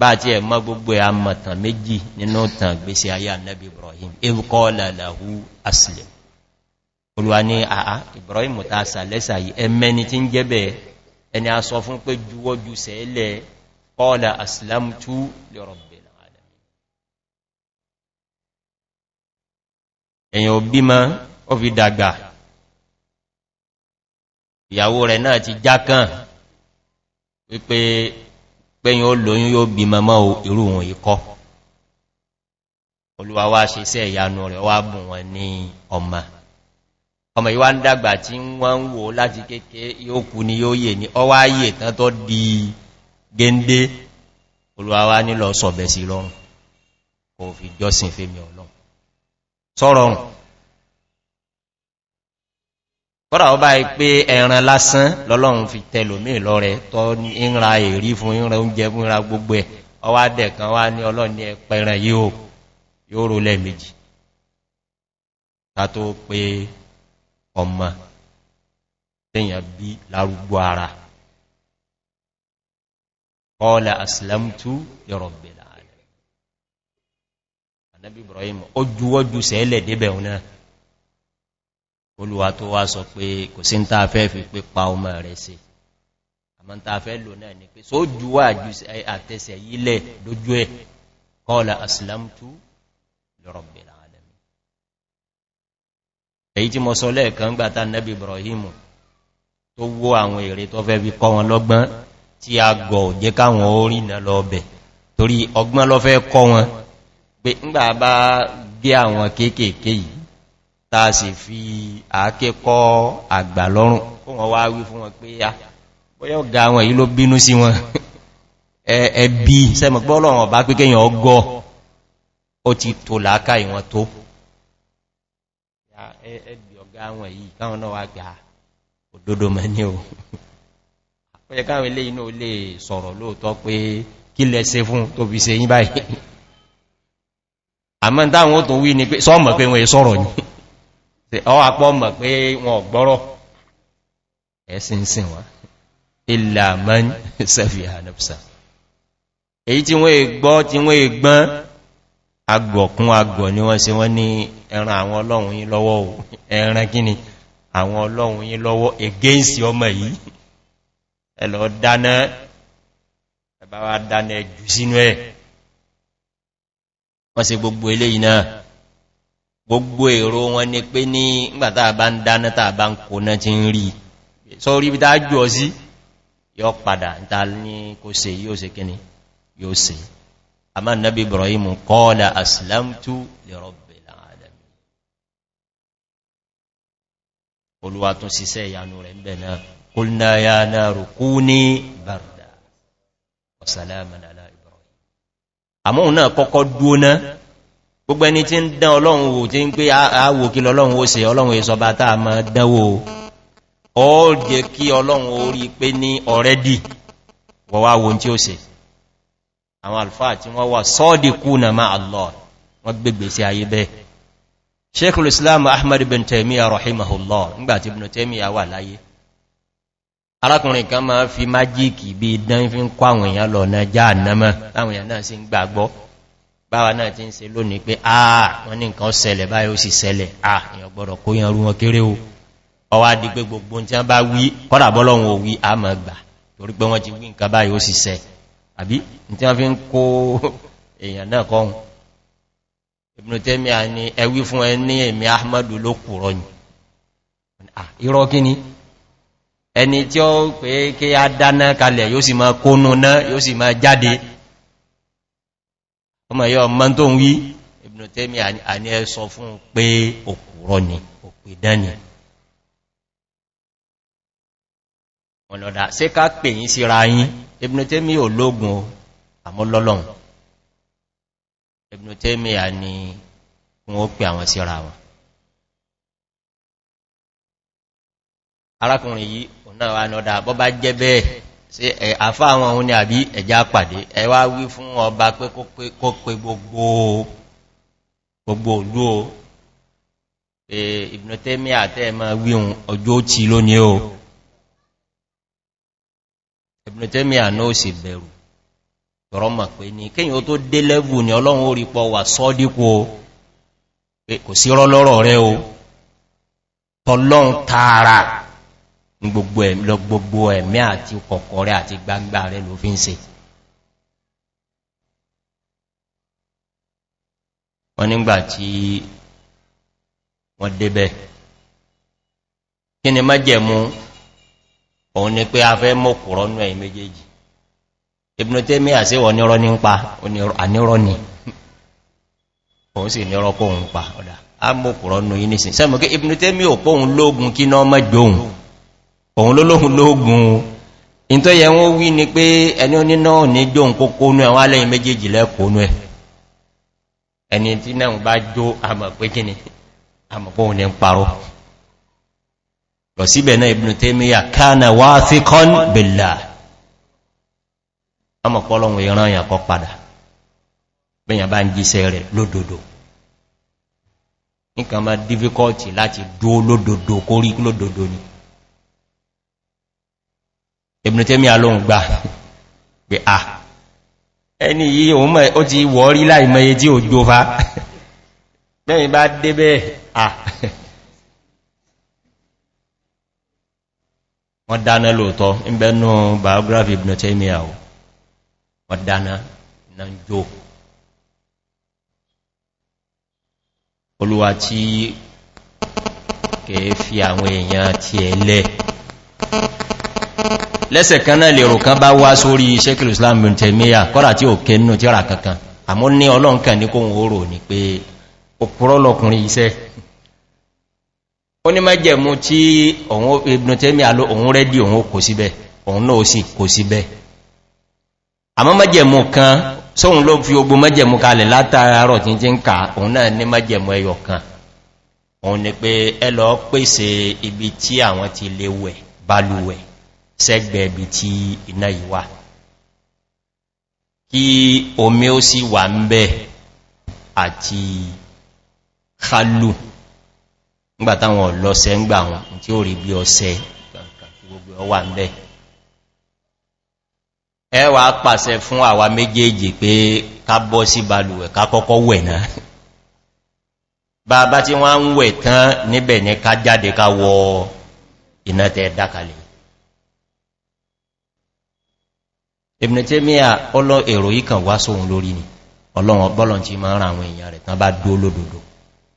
bá ti ẹ̀ mọ́ gbogbo àmọ̀tàn méjì nínú tàn gbèsè ayé anábí ibrahim ewu kọ́ọ̀lá làhú aslim olùwà ní àà Ibrahim ta sàlẹ́sà yìí ẹmẹni tí ń jẹ́bẹ̀ ẹni a sọ fún pé juwọ́jú sẹ́ẹ̀lẹ̀ qala aslamtu li rabbil alamin èyàn òbí ma ó fi dàgbà ìyàwó rẹ̀ náà ti jákàn wípé wá ṣe sẹ́ ìyanu rẹ̀ wá bùn wọn ní ọmọ ọmọ ìwá ń dàgbà tí wọ́n ń wò láti kéèké yóò kú ni yóò yè ní ọwá ayè tán tó di gẹ́ndé olúwàwá nílọ sọ̀bẹ̀ sí lọ́rùn kò fi jọ́sìn fèmí ọlọ́run sọ́rọ̀rùn kọ́rà ọba pé ẹran lásán lọ́lọ́run fi tẹlòmí lọ́rẹ tọ́ ìnra èrí fún ìnra oúnjẹ fún ìnra gbogbo ẹ̀ ọwá dẹ̀ kan wá ní ọlọ́ni ẹpẹran yóò rò lẹ́ẹ̀mejì ta tó pé ọmọ tẹ́yàn bí lárúgbó ara kọ́ọ̀lá asìlámtú ìrọ̀bẹ̀lá alẹ́ anábí ibrahim ó juwọ́jú sẹ́ẹ̀lẹ̀ débẹ̀ ọ̀nà olùwà tó wá sọ pé kò sí ń tàà fẹ́ fi pé pa ọmọ rẹ̀ sí àmọ́ ń fẹ́ lò náà ni pé só juwọ́ àtẹsẹ̀ yílẹ̀ lójú ẹ̀ kọ́ọ̀lá asìlámtú ìrọ̀b èyí tí mo sọ lẹ́ẹ̀kan gbàtà nẹ́bí ibrahimu tó wó àwọn èrè tó fẹ́ fi kọ́ wọn lọ́gbọ́n tí a gọ̀ jẹ́ káwọn orí nà lọ bẹ̀ torí ọgbọ́n lọ fẹ́ kọ́ wọn pé ńgbà bá gé àwọn kéèkèé yìí ta sì fi àáké kọ́ àgbà lọ́rùn kó wọn wá wí fún wọn pé ah, (laughs) ẹbí ọ̀gá wọn yìí káwọn náà wá gbà òdòdó mẹ́ o ó yẹ káwọn ilé inú olè sọ̀rọ̀ lóòtọ́ pé kí lẹ se fún tó fi se yín báyìí àmọ́ táwọn ó tún wí ni pé sọ́mọ̀ pé wọ́n sọ̀rọ̀ ní ọ àpọ́ mọ̀ pé wọn gbọ́rọ̀ ẹ̀sìn sìn wá ilẹ̀ èyí tí wọ́n gbọ́ tí wọ́n gbọ́n agbọ̀kún agbọ̀ ni wọ́n se wọ́n ní ẹran àwọn ọlọ́run yí lọ́wọ́ ẹran gíní àwọn ọlọ́run yí lọ́wọ́ egéǹsì ọmọ yìí ẹlọ dáná ẹbá wá dáná ẹjù sínú ẹ̀ wọ́n se gbogbo eléyìí náà gbogbo èrò wọn ni pé ní ngbàtà bá ń dáná tàà bá ń kóná ti àmá nàbí ibrahim kọ́ọ̀lá asìlámtú lè rọ̀bẹ̀ láàdàmì olúwa tún síṣẹ́ ìyanu rẹ̀ ń bẹ̀ náà kúlná ya náà rùkú ní bàrdà ọ̀sàlámàlá ibrahim àmóhun náà kọ́kọ́ dúóná gbogbo ẹni tí ń dán ọlọ́run wò tí ń pé àwò kí lọ́lọ́run ó se ọlọ́run èso táà mọ́ dánwò ó jẹ́ kí ọlọ́run ó rí pé ní ọ̀rẹ́dì wọ́wá wo tí ó se àwọn alfáà tí wọ́n wà sọ́ọ̀dìkú na máa allah wọ́n gbégbé sí ayé bẹ́ sheikul islam ahmad bin taimiyya rahimahullah ngbàtí ibn taimiyya wà láyé arákùnrin kan máa fi májíìkì bí dán fi ń kọ àwọn èèyàn lọ na já ànámọ́ táwọn èèyàn náà sí ń gbàgbọ́ báwa náà ti ń se lónìí pé àà wọ́n ní nǹkan sẹlẹ̀ báyìí ó sì sẹlẹ̀ àà èèyàn gbọ́dọ̀ kó yẹn rú wọn kéré o ọwá di pé gbogbo tí wọ́n bá wí kọ́dàbọ́lọ́wọ́n ò wí àmọ́ gbà torí pé wọ́n ti wí nǹkan báyìí ó sì sẹ́ẹ̀ àbí tí wọ́n fi ń kó èèyàn náà kọ́hun Ibn Taymiyyah ni ẹwí fún ẹni èmì Ahmadu ló kùrọ ni irọ́ kí ni ẹni tí ó pé kí a dáná kalẹ̀ yóò sì máa kónú náà yóò sì máa jáde ọmọ yọ ọmọ tó ń wí Ibn Taymiyyah àní ẹ sọ fún pé òkúrọ ni òpìdán ibn tẹ́mí ò lógun àmọ́lọ́lọ́un ibn tẹ́mí à ní wọ́n pè àwọn síra wọn arákùnrin yìí ọ̀nà wa nọ́dá bọ́ bá jẹ́ bẹ́ẹ̀ sí àfá àwọn òun ni àbí ẹ̀já pàdé ẹwà wí fún ọba pé kó pé gbogbo òlú o ibn tẹ́mí àtẹ́ ma wíhun ọjọ́ ti lónìí o ìbìnitẹ́mì àná ò sì bẹ̀rù tọ̀rọ mọ̀ pé ní kíyàn ó tó dé lẹ́bù ní ọlọ́run ó rí pọ̀ wà sọ́díkù o kò sí rọ́lọ́rọ̀ rẹ o tọ́lọ́run tààrà gbogbo ẹ̀mí àti kọ̀kọ̀ rẹ àti gbangba rẹ ló fi ń se wọ́n nígbà tí wọ́n débẹ̀ kí ni má òun ni pé a fẹ́ mọ́kùrọ̀ ní ẹ̀yìn méjèèjì ibùn tẹ́ mẹ́ àṣíwọ̀ nírọ́ ní ń pa ànírọ́ ni òun sì nírọ́ kó òun pa ọ̀dá a mọ́kùrọ̀ ní yìí nìsìn sẹ́mọ̀ kí ibùn tẹ́ mẹ́ òpó òun lóògùn kí náà mẹ́jọ òun òun lólóhun lóògùn in tó yẹ wọ́n wí ni pé ẹni bọ̀ síbẹ̀ náà ibùn tẹ́míyà kánà wá fi kọ́n bèlà ọmọpọ̀lọ́wọ̀ ìran yàn kọ́ padà bẹ́yàn bá ń jíṣẹ́ rẹ̀ lódòdó nǹkan ma dífíkọ́ọ̀tì láti dó lódòdó kó rí lódòdó ni ibùn tẹ́míyà lóhun gbá pé à ẹni yìí òun mọ̀ ó ti wọ́ rí láìmọye wọ́n dáná lóòtọ́ ń bẹ́nu biography ibn taimiyya o wọ́n dáná na ń jò olúwa tí kèé fi àwọn èèyàn ti ẹ̀lẹ́ lẹ́sẹ̀ kan náà lè rò kan bá wá sórí shekel islam ibn taimiyya kọ́lá tí ò ké nínú tí ó kankan àmọ́ ní ọlọ́nkan ní kóhun orò ní pé òpùrọ́lọ́kùnrin iṣẹ́ ó ní mẹ́jẹ̀mú tí òun ibn tẹ́mí àlò òun rẹ́dí òun kò síbẹ̀ òun náà sì kò síbẹ̀ àmọ́ mẹ́jẹ̀mú kan sóhun ló fi ogun mẹ́jẹ̀mú kalẹ̀ látara rọ̀ tí ti ń ka òun náà ní mẹ́jẹ̀mú ẹyọ kan òun ni pé ẹ lọ pèsè ibi tí àwọn ti lè wẹ̀ balùwẹ̀ sẹ́gbẹ̀ ibi tí iná yìí wà kí omi ó sì wà ń bẹ̀ àti khalu ńgbà táwọn ọ̀lọ́sẹ̀ ń gbà wọn tí ó rí bí ọsẹ ọwà ń bẹ́ ẹwà pàṣẹ fún àwa méjèèjì pé ká bọ́ sí balùwẹ̀ ká kọ́kọ́ wẹ̀ náà bàbá tí wọ́n ń wẹ̀ tán níbẹ̀ ní ká jáde ká wọ iná tẹ dákalẹ̀ ìbìnitẹ́míà ọlọ́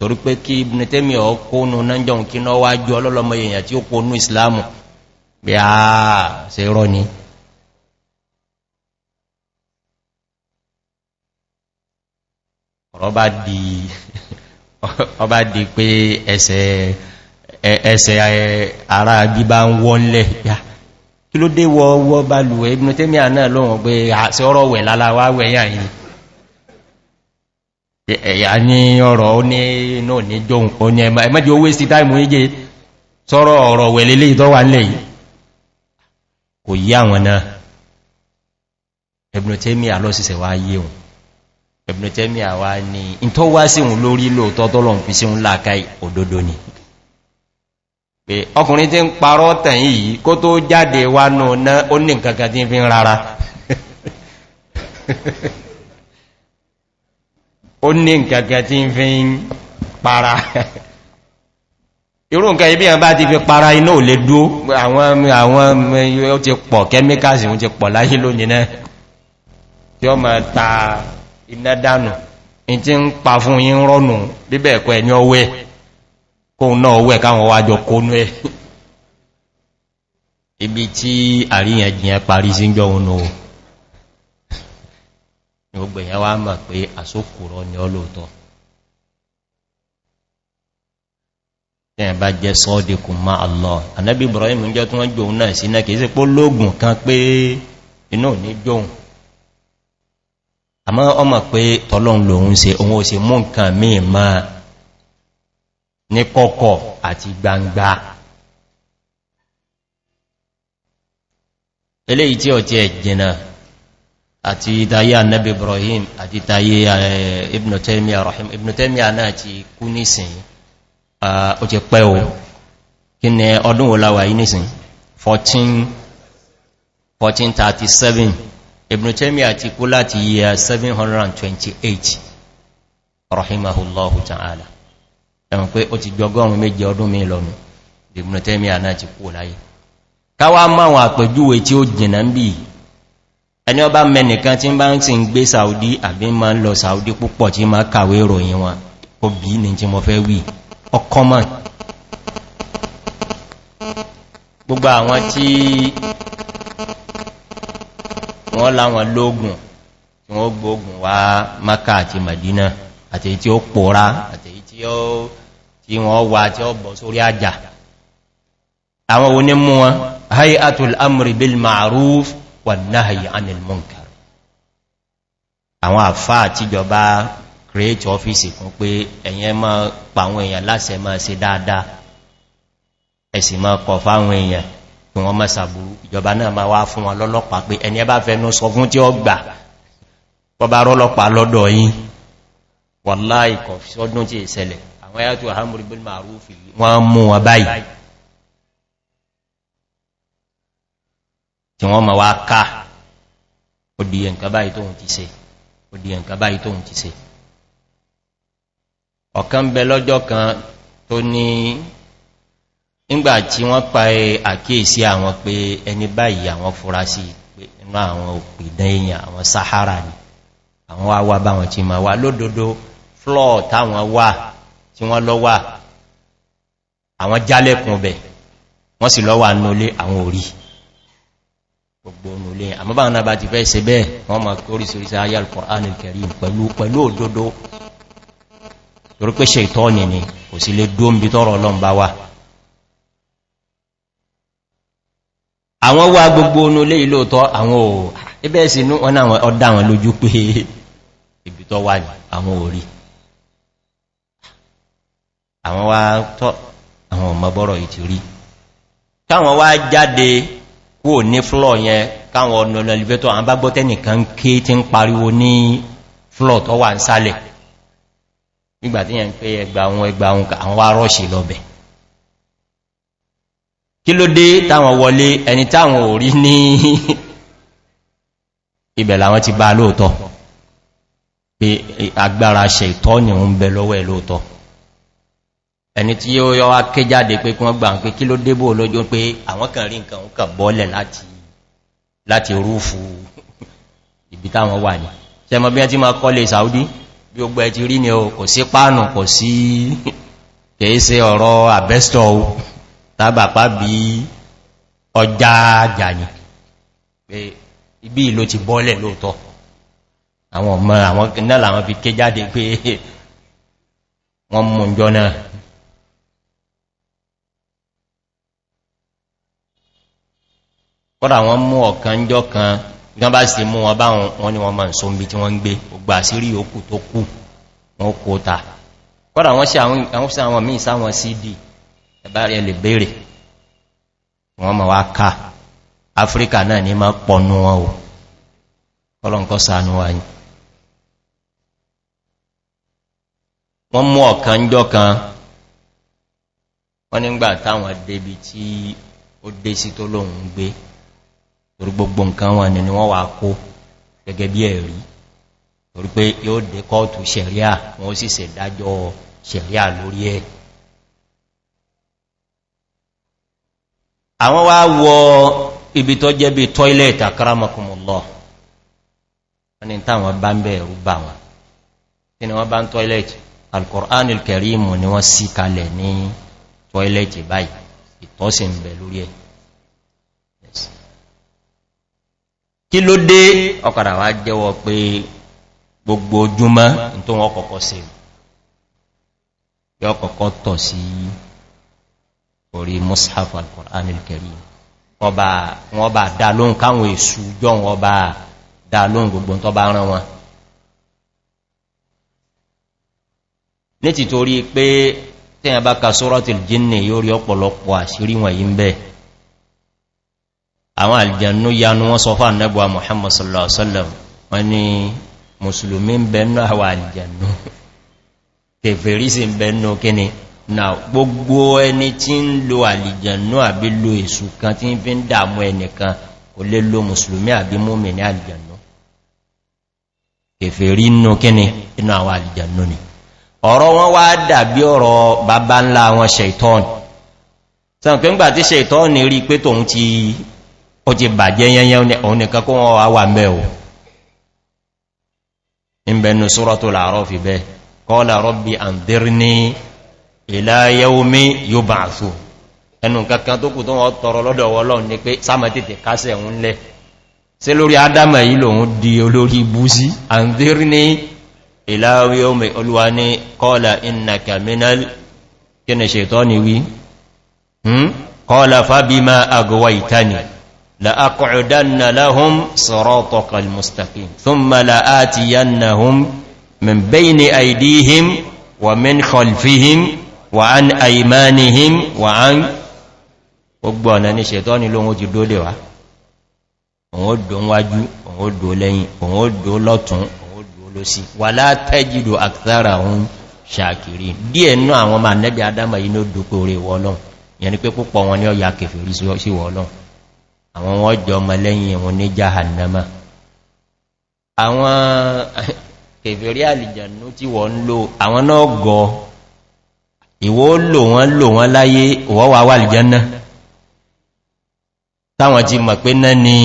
torí pé kí ibn tẹ́mì ọkónú náàjọun kí náà wájú ọlọ́lọ́mọ èèyàn tí ó kónú islamu bí a ṣe rọ ni ọba di pé ẹsẹ̀ ara bíbá ń wọ́nlẹ̀ yá kí ló dé wọ́ wọ́ bá lù ibn tẹ́mì náà lóhun pé àṣẹ́ ọ̀rọ̀ wẹ̀ láláwá yà yìí ẹ̀yà ní ọ̀rọ̀ ó ní inú ní jóun ó ní ẹmẹ́jì owó sí táìmù ní jẹ́ sọ́rọ̀ ọ̀rọ̀ wẹ̀lélé ìtọ́wà nílẹ̀ yìí kò yí àwọn náà ẹbùn tẹ́mí àlọ́sìsẹ̀ wá yé wọn ẹbùn tẹ́mí àwá ní ìtọ́wà sí wọn lórí lóòtọ́ tọ́lọ̀ fi sí wọn láàká òdodo ni pé (laughs) ó ní nǹkankan tí ń fi ń para irú nǹkan ibi yàn bá ti fi para iná ò lè dúó àwọn àwọn ó ti pọ̀ kẹ́míkàsì ó ti pọ̀ láyé lónìí náà tí ó ma ta iná dànù in ti ń pa fún yí ń rọ́nù bíbẹ̀ ẹ̀kọ́ ẹ̀yàn ọwẹ́ kóhun náà ọwẹ́ káwọn wájọ kónú ẹ̀ ibi tí àríyànjiyàn parí sí ń jọ òun náà gbogbo yẹn wá mọ̀ pé àsókùrọ ni ọlóòtọ́ tẹ́yìn bá jẹ́ sọ́ọ́dẹ̀kùn máa allọ́ anábí ibrahim jẹ́ tí wọ́n jòun náà sí náà kìí sí pó lóògùn kan pé inú ní jòun àmọ́ ọmọ pé tọ́lọ́un eléyìí tí ọ̀tí ẹ̀jìnà àti ìdáyé annabi ibrahim àti ìdáyé eh, ibn taimiyya rahim ibn taimiyya náà ti kú nísìn ó ti pẹ́ o kí ni ọdún oláwà yìí nísìn 1437 ibn taimiyya ti kú láti yíya 728 rahimahullahu ta'ala ẹ̀wọ̀n pé ó ti jọgọ́rùn méje ọdún mi lọ́nu ibn taimiyya náà ti kú láyé káwàá máwọn àpẹjúwe tí ó jìnà ń ẹni ọba mẹ́nìkan tí bá ń sì ń gbé saudi àbí ma ń lọ saudi púpọ̀ tí ma kàwé ìròyìn wọn obì ní tí mo fẹ́ wí ọkọ́mọ̀ gbogbo àwọn tí wọ́n láwọn lóògùn tí wọ́n gbóògùn wá maka àti madina àti tí ó pòórá àti tí wọ́n wà tí ó bọ̀ sórí àjà àwọn onímú hay'atul amri bil ma'ruf wà náhàyí anil munkar àwọn àfá àtijọba create office kún pé ẹ̀yẹn ma pa àwọn èèyàn láṣẹ ma ṣe dáadáa ẹ̀sì ma kọ̀ fáwọn èèyàn pé wọ́n ma sàbúrú ìjọba náà ma wá fún wọn lọ́lọ́pàá pé ẹni ẹbá fẹ́ sọ fún tí ó gbà bọ́bá rọ́lọ́pàá lọ́dọ̀ yìí wọ́n láìkọ̀ sọ́dún tí ìṣẹ̀lẹ̀ àwọn ẹyà tó hàmúrí bí wọ́n mú wọn báyìí tí wọ́n ma wá ká ó di ẹnkà báyìí tóhun ti se ó di ẹnkà báyìí tóhun ti se ọ̀kan bẹ lọ́jọ́ kan tó ní ìgbà tí wọ́n pa ẹ àkíyèsí àwọn pé ẹni báyìí àwọn fura sí pé inú àwọn òpìdán èèyàn àwọn sahara ni àwọn wá wá báwọn ti ma wá lódodo flọ́ọ̀ táwọn wà tí wọ́n lọ wà àwọn jálẹ̀kùn bẹ̀ wọ́n sì lọ́wà nólé àwọn orí gbogbo onúlé àmọ́bà náà bá ti fẹ́ ṣe bẹ́ẹ̀ wọ́n ma orísìírísìí ayá alkùnrin alkẹ̀rí pẹ̀lú pẹ̀lú òdòdó torí pé ṣe ìtọ́ni ni kò sí lè dó ń bí tọ́rọ ọlọ́mbá wà àwọn wá gbogbo onúlé ìlóòtọ́ àwọn ò ibẹ̀ sí inú wọn (laughs) àwọn ọdá àwọn lójú kúò ní flọ́ yẹn káwọn ọ̀nà elevator àwọn bá gbọ́tẹ́ nìkan ké tí ń pariwo ní flọ́ tó wà ń sálẹ̀ nígbàtí yẹn pé ẹgbà àwọn ẹgbà àwọn wá rọ́ṣì lọ́bẹ̀ kí ló dé táwọn wọlé ẹni táwọn ò rí ní (laughs) ibẹ̀ làwọn ti bá lóòtọ́ pé agbára ṣe ni òun bẹ lọ́wọ́ ẹ̀ lóòtọ́ ẹni tí ó yọ́ wá ké jáde pé kí wọ́n gbà ń pé kí ló débò lójó pé àwọn kan rí nǹkan kan bọ́ọ̀lẹ̀ láti rúfù ibi táwọn wà ní ṣẹmọ bí ẹ ti máa kọ́lé saudi bí ó gbẹ́ ti rí ni o kò sí páànù kò sí kèése ọ̀rọ̀ àbẹ́stọ̀ tàbàpá bí ọjà jàní pé ibi ìlò ti bọ́ọ̀lẹ̀ lóòtọ́ àwọn ọmọ àwọn kọ́dà wọ́n mú ọ̀kan jọ kan gan bá sì mú wọn báwọn wọn ni wọ́n ma ń so ń bí tí wọ́n ń gbé ògbà sí rí òkú tó kú wọn kó ta kọ́dà wọ́n sí àwọn míì sáwọn cd ẹbárí ẹlẹ̀ wọ́n ma wá ká afirika náà ní ma pọ̀nú wọn o kọ́lọ̀nkọ́ sànú wa yìí wọ́n mú ó dé sí tó lóhun gbé torí gbogbo nǹkan wọn ni wọ́n wà kó gẹ́gẹ́ bí ẹ̀rí torí pé yóò dé kọ́ọ̀tù sẹ̀ríà wọ́n sì sẹ̀ dájọ́ sẹ̀ríà lórí ẹ̀ àwọn wá wọ ibi tó jẹ́ bí toilet àkàràmọ̀kùnmọ̀lọ́ wọ́n ni táwọn bá ń bẹ̀ bà wọ́n toilet alkùnrán ilkẹ̀rí ìmù ni wọ́n sí kalẹ̀ ní toilet kí ló dé ọkàdà wá jẹ́wọ́ pé gbogbo ojúmá tó wọ́n kọ̀kọ́ sí yọ kọ̀kọ́ tọ̀ sí orí mushaf al-qur'an al-kari wọ́n bá dá lóhun káwọn èsù jọ wọ́n bá dá lóhun gbogbo ntọba bá rán wọn ní pé tẹ́yàn bá ka sọ́rọ̀tìl jínnì yóò rí ọ̀pọ̀lọpọ̀ àṣírí àwọn àjànú yanu wọ́n sọ fún annabuwa muhammad sallallahu alaihi wasallam wọ́n ni musulmi ń bẹ̀ẹ́nú àwọn àjànú kèfèrí sí ń bẹ̀ẹ́nú kíni na gbogbo ẹni tí ń lo àlìjànú àbí lo èsù kan tí ń fi ń dàmú ẹnìkan kò lè lo musulmi àbí múmi ní àlìjànú kèfèrí nù ó ti bàjẹ́ yẹnyẹn òun nìkan kó wọ́n wà wà mẹ́ o in bẹnu sọ́rọ̀tò làárọ̀ fi bẹ́ kọ́lá rọ́bí àndírní ìlàyẹ́wómi yóò bá àṣò ẹnu kankan tó kù tó wọ́n tọrọ lọ́dọ̀ ọlọ́run ni pé sáàmà tètè kásẹ̀ ń lẹ́ sí lórí adama yìí lòun di olórí búsí àndírní kí ni ṣètọ́ ni wí kọ́lá fábímá àgọwà ìtànìyàn لأقعدن لهم صراطك المستقيم ثم لآتينهم من بين أيديهم ومن خلفهم وعن أيمانهم وعن gbogbo ọ̀nà ní ṣètọ́ni ló wọ́n ti dó lè wá òun ó dó wájú òun ó dó lẹ́yìn òun ó dó lọ́tún òun ó dó ló sí wà látẹ́jìdò àkàrà òun ṣàkìrí díẹ̀ náà àwọn ọmọ anẹ́bẹ̀ adámà inú dókò rẹ̀ wọ́lọ́n yẹni pé púpọ̀ wọn ni ọ ya kẹfẹ̀ rí sí wọ́lọ́n àwọn wọ́n jọ mọ̀lẹ́yìn wọn ní jahannama àwọn kèfèrí àlìjànú tí wọ́n ń lò àwọn náà gọ ìwọ́ lò wọ́n lò wọ́n láyé wọ́n wà wà àlìjánná táwọn ti mọ̀ pé náà ni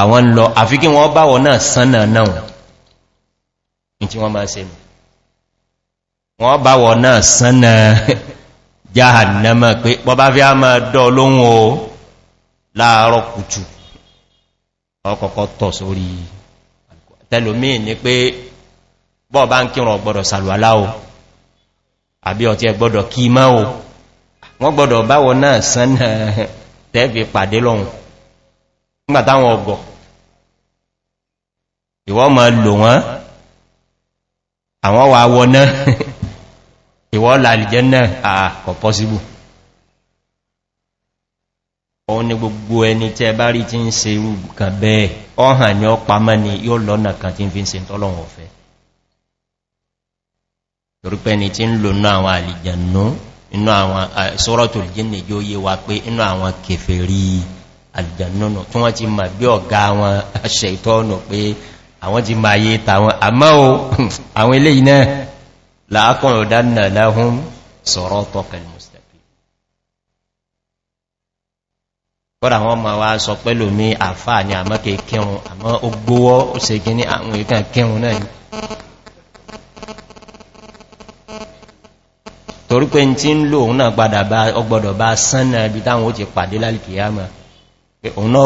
àwọn ń lọ àfi kí wọ́n báwọ̀ náà sánà náà ní tí wọ́n máa se nù wọ́n báwọ̀ náà sánà jahannama pé bọ́bá fi á máa dọ́ lóhun o láàárọ̀ kùtù ọkọ̀kọ́ tọ̀ sórí tẹlòmí ní pé bọ́ bá ń kírùn ọgbọ́dọ̀ sàlùwàlá o àbí ọ̀tí ẹgbọ́dọ̀ kí má o wọ́n gbọ́dọ̀ báwọ náà sánà (laughs) tẹ́fì pàdé lọ́hun nígbàtàwọn ọgọ̀ ìwọ́ ma lò wọ́n àwọn wà wọ náà (laughs) ìwọ́ làlìjẹ́ náà àkọ̀ possible òun ni gbogbo ẹni tẹ́ bá rí tí ń se irú kan bẹ́ẹ̀ ọ̀hàn ni ọ pa mẹ́ni yóò lọ́nà kan tí ń fi ń se tọ́lọ̀wọ̀n ọ̀fẹ́ torípẹ́ ni tí ń lò ní àwọn àlìjànú inú àwọn sọ́rọ̀tò jíni yóò yé wa pé inú àwọn kèfèrí àlìjànú tí wọ́n ti mà bí ọ̀gá àwọn aṣẹ ìtọ́nù pé àwọn ti mà yé tàwọn àmọ́ o àwọn kọ́dà wọn ma wá sọ pẹ́lú mi àfáà ní àmọ́kè kírun àmọ́ ó gbówọ́ ó se gí ní àwọn ìkàn kírun náà yìí torí pé tí ń lò òun náà padà bá ọgbọ̀dọ̀ bá sánà ibi táwọn ó ti pàdé lálìkìyàmà pé òun náà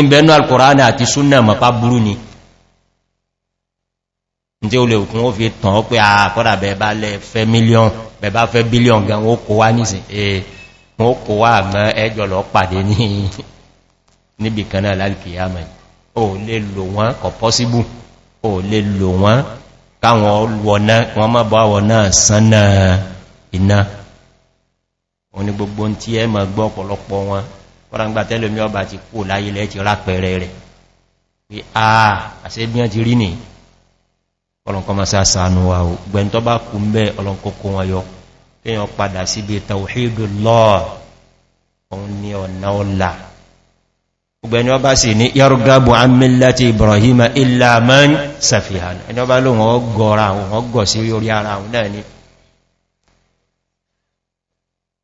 ìbẹ̀nú alkùránì àti súnà mọ̀pá burú ni tí ó lè òkun ó fi tàn ó pé àkọ́dà bẹ̀bá lẹ fẹ́ mílíọ̀n bẹ̀bá fẹ́ bílíọ̀n gan ó kó wá nìsìn ee o kó wá àmọ́ ẹjọ́ lọ pàdé ní (laughs) níbi kan náà lálùkìyàmọ̀ ó lè lò wọ́n kọ̀ pọ́síbù ó lè kọ́rọ̀ǹgbà tẹ́lẹ̀ mi ọba ti kú láyé lẹ́ ti rápẹẹrẹ rẹ̀ pé àà àṣẹ́bíyàn ti rí ní ọlọ́nkọ́ ma sá sàánú wa o gbẹ̀ntọ́ bá kú mẹ́ ọlọ́nkọ́ kó wọn yọ kíyàn padà síbi tàwíìdù lọ́ọ̀ òun ni ọ̀nà ọ̀la ọgbẹ̀ni ọba sì ní yarugabu amílẹ́tì ibrahim ilẹ̀ amán sàfihàn ẹni ọba lóhun ọgọ́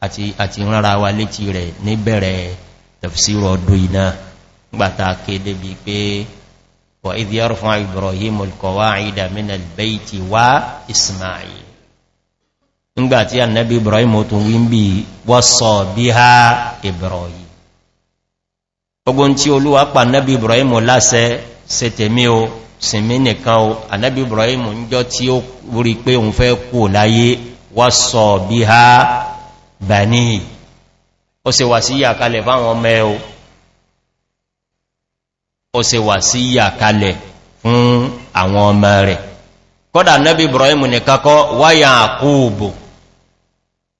àti àti rárá wa létí rẹ̀ ní bẹ̀rẹ̀ tafsirọ̀ ọdún iná gbàtà kéde bí pé wà ìdí arfún ibrahim olkọwa àìdà minal baiti wa ismail ngbàtí annabi ibrahim o tún wín bí wọ́sọ̀ bí ha ibrahim ogun tí olúwa pa annabi ibrahim lásẹ se o sinmi nìkan o annabi ibrahim ń jọ tí ó rí pé òun fẹ́ kú láyé wọ́sọ̀ bí ha ibrahim bàní ó se wà sí yàkalẹ̀ fáwọn ọmọ ẹ̀ ó se wà sí fún àwọn ọmọ rẹ̀ kọ́dà nẹ́bí ibrahim nìkakọ́ wáyà àkóòbò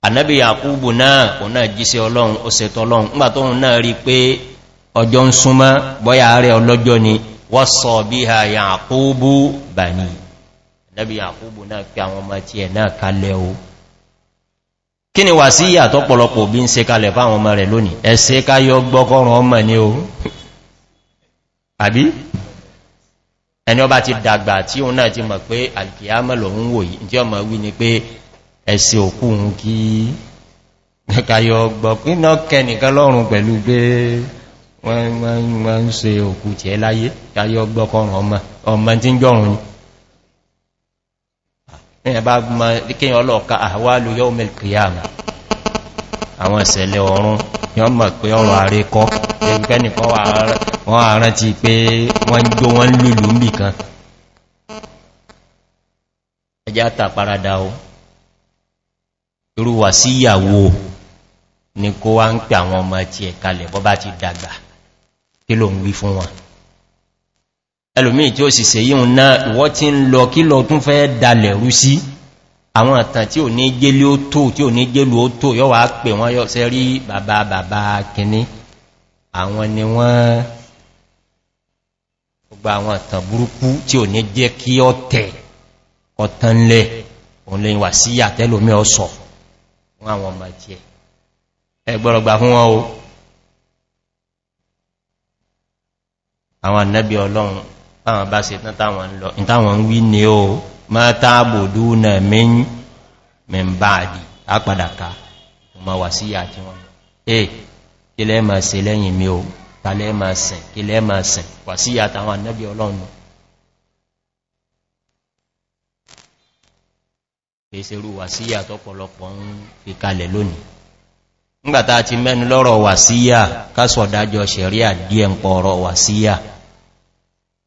ànẹ́bí àkóòbò náà kò náà jíṣẹ́ ọlọ́run ó se tọ́lọ́run rí pé ọjọ́ kí ni wà sí ìyàtọ̀ pọ̀lọpọ̀ bí ń se kalẹ̀ fáwọn ọmọ rẹ̀ lónìí ẹ̀sẹ́ káyọ gbọ́kọ́rùn ọmọ ní o àbí ẹni ọba ti dàgbà tí òun náà ti mọ̀ pé alkiyama lòun wò yìí tí ọmọ wí ni pé ẹ̀sẹ̀ òkú hun kí (laughs) káyọ gbọ́kínà kẹnìkan lọ́rùn pẹ̀lú pé èyàn bá gbọ́n kíyàn ọlọ́ọ̀ká àwálù yóò mil kìyàmà àwọn ìṣẹ̀lẹ̀ ọ̀run yọ́n mọ̀ pé ọrọ̀ ààrẹ kọ́ ẹgbẹ́ nìkan wọ́n ààrẹ ti pé wọ́n jó wọ́n ni kó wá ń pẹ àwọn ọmọ ti ẹ̀kalẹ̀ bọ́ ti dàgbà kí ló ń wí fún wọn ẹlòmíì tí ó sì se yíò náà ìwọ́ tí ń lọ kí lọ tún fẹ́ dalẹ̀ rú sí àwọn àtàn tí ò ní gélé ó tó tí ò ní gélú ó tó yọ́ wà pè wọ́n yọ́ sẹ́ rí bàbá bàbá kìíní àwọn ni wọ́n gbogbo àwọn àtàn burúkú tí ò ní jẹ́ kí ọ tẹ̀ ọ̀tàn lẹ̀ òun lè wà sí àtẹ́lòmí ọ̀sọ̀ fún àwọn ọmọ jẹ́ ẹgbọ́rọ̀gbà fún wọn o àwọn ànẹ́bí ọlọ́run báwọn bá se tán táwọn ń lọ ìtàwọn ń wí ní o ma táàbò dúnà mẹ́mbàdì ápàdàká o ma wà sí àti wọn e kí lẹ́ ma se lẹ́yìn mi o ta lẹ́ ma sìn kí lẹ́ ma sìn wà sí àtàwọn anẹ́bí ọlọ́run pèsèrú wà ti mẹ́nu lọ́rọ̀ wà síyà kásọ̀dájọ́ sẹ̀ríà díẹ̀ ń pọ̀ ọ̀rọ̀ wà síyà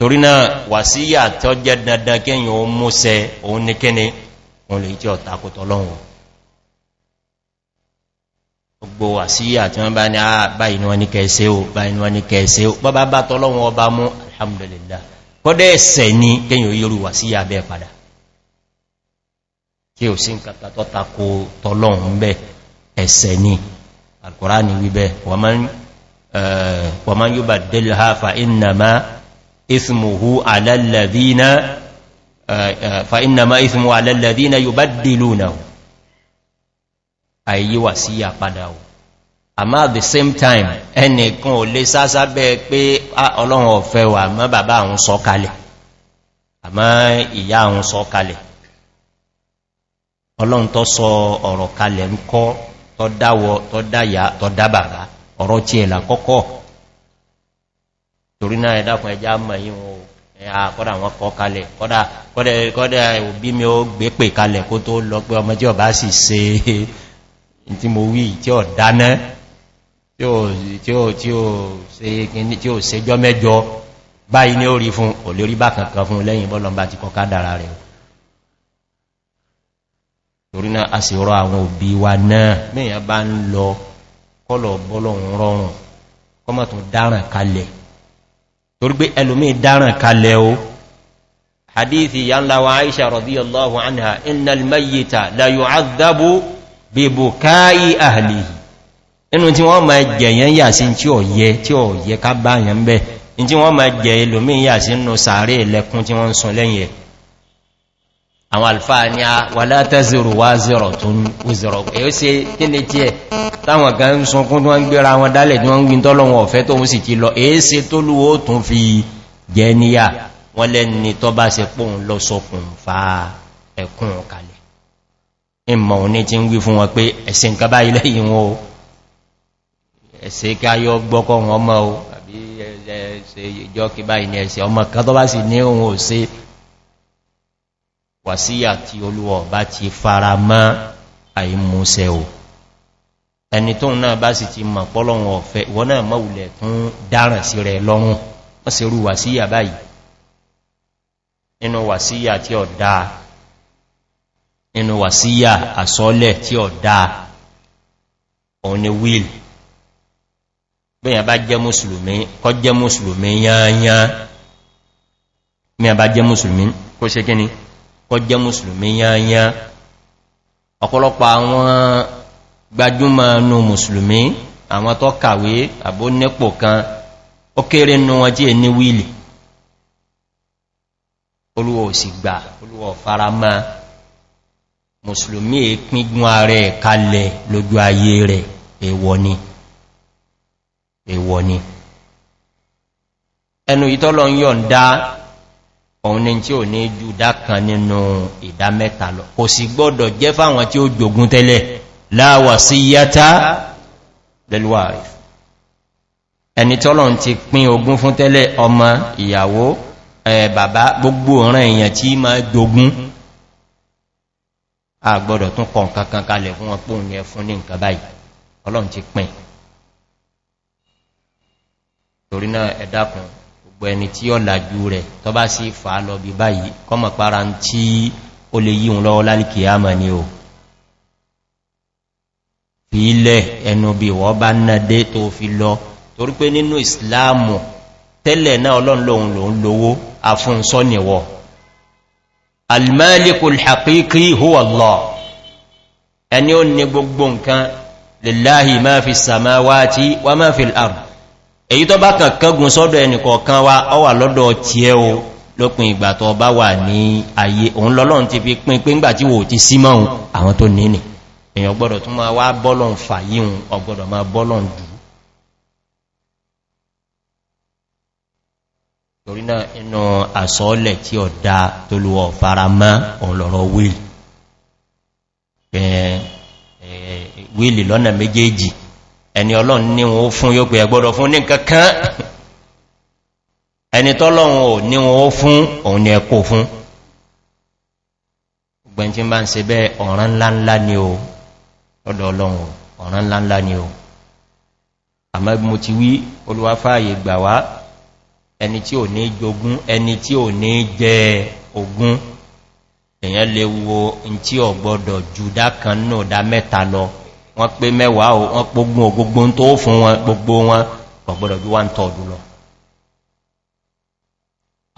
torí náà wà sí yà tí ó jẹ́ dandan kíyàn ó múṣẹ òun ní kíni wọ́n lè jẹ́ ọ̀takùtọ̀ lọ́wọ́ gbogbo wà sí yà tí bá ní àbá ah, inú wọn ní kẹsẹ́ o bá inú wọn ní kẹsẹ́ o bọ́bá bá tọ́lọ́wọ́ ọba mú alhamdulillah kọ́dẹ̀ ẹ̀sẹ̀ ní kíyàn yóò wà sí yà bẹ́ẹ̀ padà kí ò sí nǹkan tó tako tọ́lọ́hun bẹ́ fa inna اسمه على الذين فإنما اسمه على الذين يبدلونه أي وسيا pada أما àmá at the same time ẹnìkan ò lè sásá bẹ́ pé ọlọ́run ọ̀fẹ́ wà mọ́ bàbá àwọn sọ kalẹ̀ àmá ìyá àwọn sọ ọlọ́run tó sọ ọ̀rọ̀ kalẹ̀ ń kọ́ tọ́dáwọ tọ́dáyà tọ́dá bàbá ọ̀rọ̀ tí ẹ̀là kọ́kọ́ torí náà ẹ̀dàkùn ẹja mọ̀ yí wọn ẹ̀yà kọ́dà wọn kọ́ kalẹ̀ kọ́dà òbí mi ó gbé pè kalẹ̀ kó tó lọ pé ọmọ tí ọba sì se (laughs) tí mo wí tí ọ dáná tí ó sejọ́ mẹ́jọ báyìí ní ó rí fún olórí bá kankan fún lẹ́yìn bọ́lọ̀mbá ti kọ́ká dára rẹ̀ torí náà a sì rọ àwọn òbí wa náà mẹ́yàn bá ń lọ kọ́lọ̀ bọ́lọ̀ rọrùn kọ́mọ̀ dáràn kalẹ̀ torípé ẹlòmí dáràn kalẹ̀ o hadithi ya ńlá wa aisha radiyallahu anha innal mayyita la yu'adhabu bi bukai ahlihi inu tí wọ́n ma jẹ̀yẹn yà sí tí ó yẹ tí ó yẹ ká bá yẹn bẹ́ in tí wọ́n ma jẹ ẹlòmí yà sí nù sàárè lẹ́kún tí wọ́n sùn lẹ́yìn àwọn alfáà ni a wà látẹ́zìrò wá zìrọ̀ tó ń zìrọ̀ se kí ni tí táwọn kan ń sunkún tí wọ́n ń gbéra wọn dálẹ̀ tí wọ́n ń gbin tọ́lọ́wọ̀n ọ̀fẹ́ tó ń sì ti lọ èése tó lúwó tún fi jẹ níyà wọ́n lẹ́ni tọ́ bá se pòun lọ sọkùn fa ẹkùn kalẹ̀ ìmọ̀ òní ti ń wí fún ò fara mọ́ àìmúsẹ̀ o ẹni tó náà bá sì ti mọ̀ pọ́lọ́wọ̀n ọ̀fẹ́ ìwọ náà mọ́wùlẹ̀ tún dáràn sí rẹ̀ lọ́rùn wọ́n sì rú wàsíyà báyìí nínú wàsíyà tí ọ̀ dáa nínú wàsíyà àsọ́lẹ̀ tí ọ̀ dáa òun ni wíl bẹ́yàn bá jẹ́ mùsùlùmí kọ́ jẹ́ mùsùlùmí yányán mẹ́yàn ọ̀pọ̀lọpọ̀ àwọn gbajúmọ̀ nù mùsùlùmí àwọn tó kàwé àbó nípò kan ó kéré nù wọn jí ní wíìlì olúwọ̀ òsì olúwọ̀ farama mùsùlùmí èpíngun ààrẹ kalẹ̀ lójú ayé rẹ̀ èwọ̀ ni èwọ̀ ni ẹnu ìtọ́lọ ń yọ̀ ń dá òun ni tí ò ní jù dá nínú ìdá lọ kò sì gbọ́dọ̀ jẹ́ fáwọn tí ó jogun tẹ́lẹ̀ láwàsíyátá lẹ́lúwàrí ẹni tọ́lọ̀n ti pín ogún fún tẹ́lẹ̀ ọmọ ìyàwó bàbá gbogbo ọ̀ràn èèyàn tí ma jogun a gbọ́dọ̀ tún kọ̀ kankan kalẹ̀ fún ọpọ̀ òun yẹ fún ní nǹkan báyìí ọlọ́run ti pín torí náà ẹ̀dàkùn gbogbo ẹni tí ó làjú pìílẹ̀ ẹnu bí wọ́n bá nádé tó fi lọ torí pé nínú ìsìláàmù tẹ́lẹ̀ náà ọlọ́nlọ́un lòun lówó àfúnsọ́ nìwọ̀ almalikul haqiqi huwa allah ẹni ó ní gbogbo nǹkan lèláhì máa fi samawati wa máa fi al'ar èyí tó bá kankangun sọ́dọ̀ ẹnìkọ̀ọ̀kan wa ọ wà lọ́dọ̀ tí ẹ o lópin ìgbà tó bá wà ní ayé òun lọ́lọ́run ti fi pín pín gbà tí wò ti símọ̀ àwọn tó nínì èyàn gbọ́dọ̀ tún máa wá ń fà yíhun ọgbọ́dọ̀ máa ń dù torí náà inú àsọ́ọ̀lẹ̀ tí ọ dá tó lù ọ fara mọ́ ọ̀lọ̀rọ̀ wíìlì wíìlì lọ́nà méjèèjì ẹni ọlọ́run ní fún yóò pé ẹgbọ́dọ̀ fún ní kankan ẹni tọ́lọ́run ò ní fún òun o ọ̀dọ̀ ọlọ́run ọ̀ràn ńláńlá ni o àmọ́ mo ti wí olúwafáàyè gbà wá ẹni tí ò ní jogún ẹni tí ò ní jẹ ogún èyàn lè wo in tí ò gbọdọ̀ jùdá kan náà dá mẹ́ta lọ wọ́n pé mẹ́wàá o wọ́n pógún ogógún tó fún wọn gbogbo wọn ọ̀gbọdọ̀ bí wá ń tọ́ọ̀dù lọ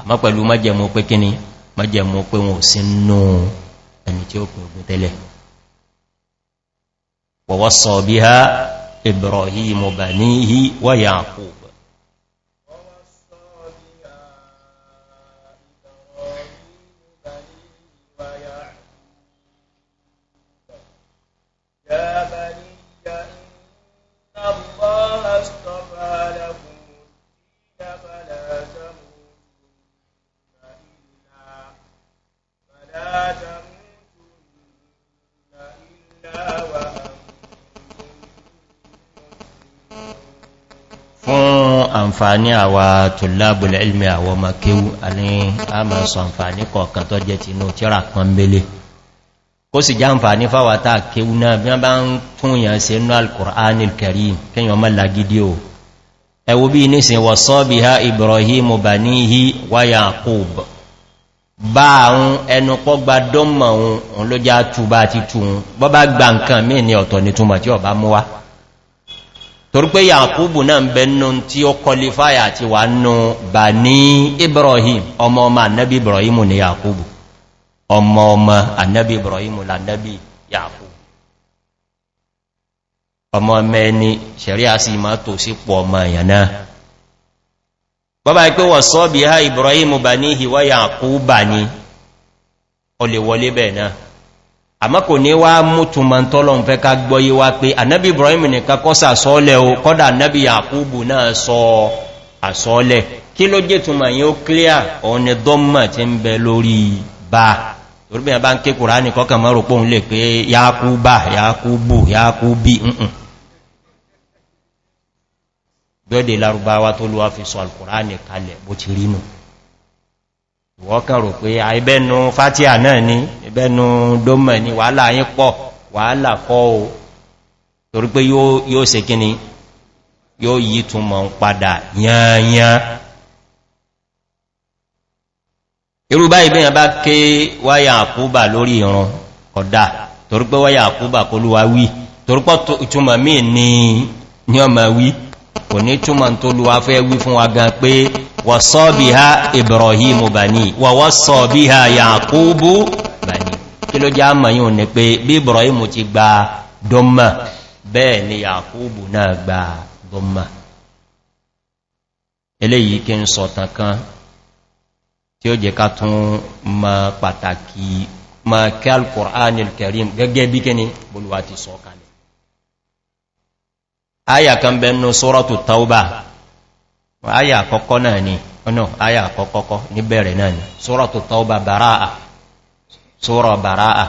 àmọ́ pẹ̀lú mọ́jẹ̀mú pé kíní mọ́jẹ̀mú pé wọn ò sí nù ẹni tí ó pè ogún tẹ́lẹ̀ ووصى بها إبراهيم بنيه ويعقوب sàǹfàní àwà tòlábùlẹ̀ ilmi àwọn ọmọ kéwú àní a ma sàǹfàní kọ̀ọ̀kan tó jẹ́ tinú tíra kan belé kó sì já ǹfàní fáwà tàà kéwú náà bí wọ́n bá ń tún yàn sí inú alkùránil kíyàn mọ́ lagidi o ẹwú bí nísìn wọ sọ́bí ha ibrahim banihi wayakub bá àwọn ẹnu pọ́ gba dọ́mọ̀ òun ló já túbá ti tún bọ́ bá gba torípé yakubu náà ń bẹ nù tí ó kọlifáyà ti wà nù bà ní ibrahim ọmọ ọmọ annabi ibrahim ni yakubu ọmọ ọmọ annabi ibrahim lannabi yakubu ọmọ mẹ́ni ṣẹ̀ríà sí ma tó sí pọ̀ ọmọ èèyàn náà bọ́bá ipé wọ̀ ha ibrahim bà ní ìwọ́ yakubu bà ní ọlẹ̀wọlé bẹ̀ náà àmọ́ kò ní wá mútùmọ̀ tọ́lọ̀ fẹ́ ká gbọ́yí wá pé ànábì ibrahim nìkan kọ́ sàsọ́ọ́lẹ̀ o kọ́dà ànábì yakubu náà sọ àsọ́ọ́lẹ̀ kí ló jẹ́ túnmọ̀ yí ó clear ọ̀nà dọ́mọ̀ tí ń bẹ lórí bá torí bí i bá ń ké kùránì kọ́kàn mọ́ rò pòun wọ́kàn rò pé àìbẹ́nu fatia náà ni ìbẹ́nu dómẹ̀ ni wàhálà yí pọ̀ wàhálà kọ́ o torí pé yóò se kíni yóò yí túnmọ̀ ń padà yányán irúbá ìbẹ̀yàn bá ké wáyà àkúbà lórí ìran ọ̀dá torí pé wáyà àkúbà kó ló wá wí torí pọ́ ìtumọ̀ míì ni ọmọ wí kò ní túnmọ̀ tó ló wá wí fún wa gan pé wọ̀sọ́ bí ha ibrahim bani wọ̀wọ́sọ́ bí ha yakubu bani kí ló já mọ̀ yíò ní pé bí ibrahim ti gba dọ́mà bẹ́ẹ̀ ni yakubu náà gba dọ́mà eléyìí kí ń sọ tankan tí ó jẹ ká tún ma pàtàkì ma kí alkùránil kẹrin gẹ́gẹ́ bí kíni bolúwa ti sọ kalẹ̀ àyà àkọ́kọ́ náà ni ọ̀nà oh, àyà àkọ́kọ́kọ́ ní bẹ̀rẹ̀ náà ni sọ́rọ̀ tó tọ́ bá bàráà sọ́rọ̀ bàráà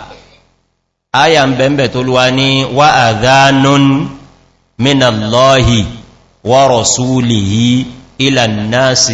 àyà ń bẹ̀m̀bẹ̀ tó lúwa ní wà àdánún mínàlọ́hì wọ́rọ̀ súlìhì ìlànàsì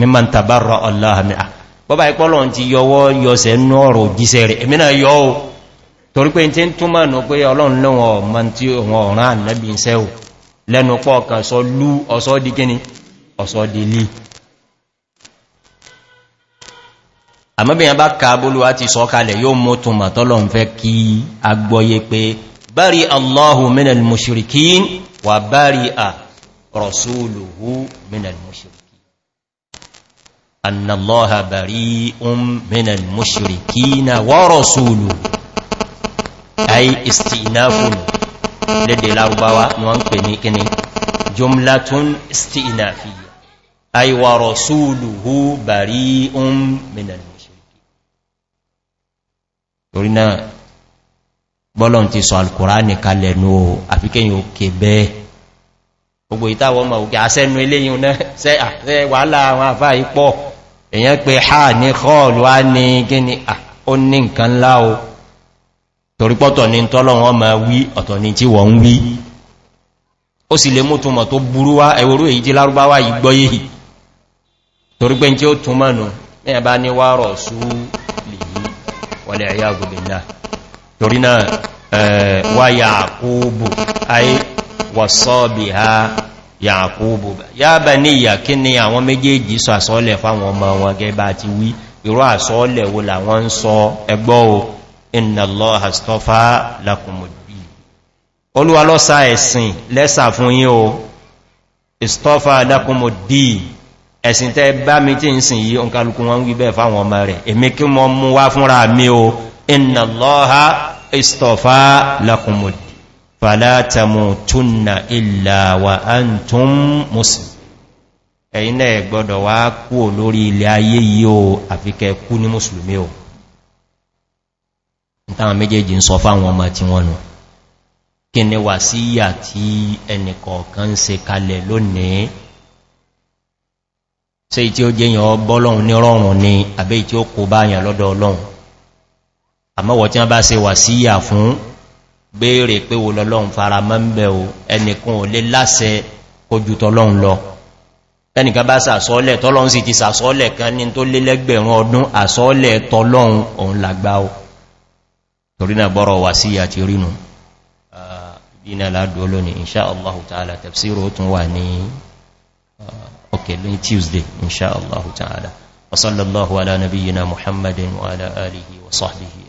mímọ̀ ń tàbárọ̀ ọláhàmìá bọ́bá ìpọ́lọ̀ ti yọwọ́ yọsẹ̀ ní ọ̀rọ̀ òjíṣẹ́ rẹ̀ èmì náà yọ o torí pé tí ń túnmọ̀ nù pé ọlọ́run lọ́wọ́ ọmọ tí wọn ọ̀rán ànẹ́bí ń sẹ́wò lẹ́nu pọ̀ kan sọ lú ọ̀sọ́ di kíni ọ̀sọ́ di lì àmọ́bìnrin bá ka bólúwá ti sọ kalẹ̀ bari allahu minal mushrikin wa bari a rasuluhu minal mushrikin أن الله بريء من المشركين ورسوله أي استئناف لدي الأرباوة نوانكني كني جملة استئنافية أي ورسوله بريء من المشركين تقولنا bọ́lọ̀n ti sọ alkùránì kalẹ̀ ní o àfikẹ́yìn òkè bẹ́ẹ̀ gbogbo ìtàwọ́ ma òkè àṣẹ́nu eléyìn náà sẹ́ wàhálà àwọn àfáà ipọ̀ èyàn pé ha ní kọlù á ní gíní ah, ó ní nǹkan láò torípọ́tọ̀ ní tọ́lọ̀wọ́n ma wí ọ̀tọ̀ ní tí wọ́n ń wí ó sì lè mú túnmọ̀ tó burú wá ẹwòrú èyí tí lárúbáwá yìí gbọ́ yìí torí tí ó túnmọ̀ nù ní ní wárọ̀ sú lè yí yàkóbò ya bà ní ìyà kí ni àwọn méjèèjì sọ àsọ́ọ̀lẹ̀ fáwọn ọmọ wọn gẹ́bà ti wí ìrọ àsọ́ọ̀lẹ̀ wo làwọn ń sọ ẹgbọ́ o ìnàlọ́ àstọ́fà lakùnmùdí olúwa lọ́sà ẹ̀sìn lẹ́sà fún yí o ìstọ́fà lakùnmùdí ẹ̀sìn tẹ́ bá mi tí ń sìn yí fàlátàmù túnnà ìlà wà án tún mùsù ẹ̀yìn náà gbọdọ̀ wá kú ò lórí ilẹ̀ ayé yìí o àfikẹ́ kú ní mùsùlùmí o ìtàwọn méjèèjì ń sọ fáwọn ọmọ tí wọ́n nù kí ni wà sí yà tí ẹnìkọ̀ọ̀kan se kalẹ̀ lónìí se tí ó jẹ́ yàn bọ́lọ́run ní rọrùn ni àbẹ́ tí ó kò bá yàn lọ́dọ̀ ọlọ́run béèrè pé wo lọ́lọ́run fara mọ́ ń bẹ̀ o ẹnìkan ò lè láṣẹ kojú tọ́lọ́run lọ ẹnìkan bá sàsọ́ọ́lẹ̀ tọ́lọ́run sì ti sàsọ́ọ́lẹ̀ kan ní tó lé lẹ́gbẹ̀rún ọdún àsọ́ọ́lẹ̀ tọ́lọ́run òun làgbà o torí ta'ala tafsir ó tún wà uh, tuesday inṣá ta'ala wasallallahu ala nabiyyina muhammadin wa ala wa sahbihi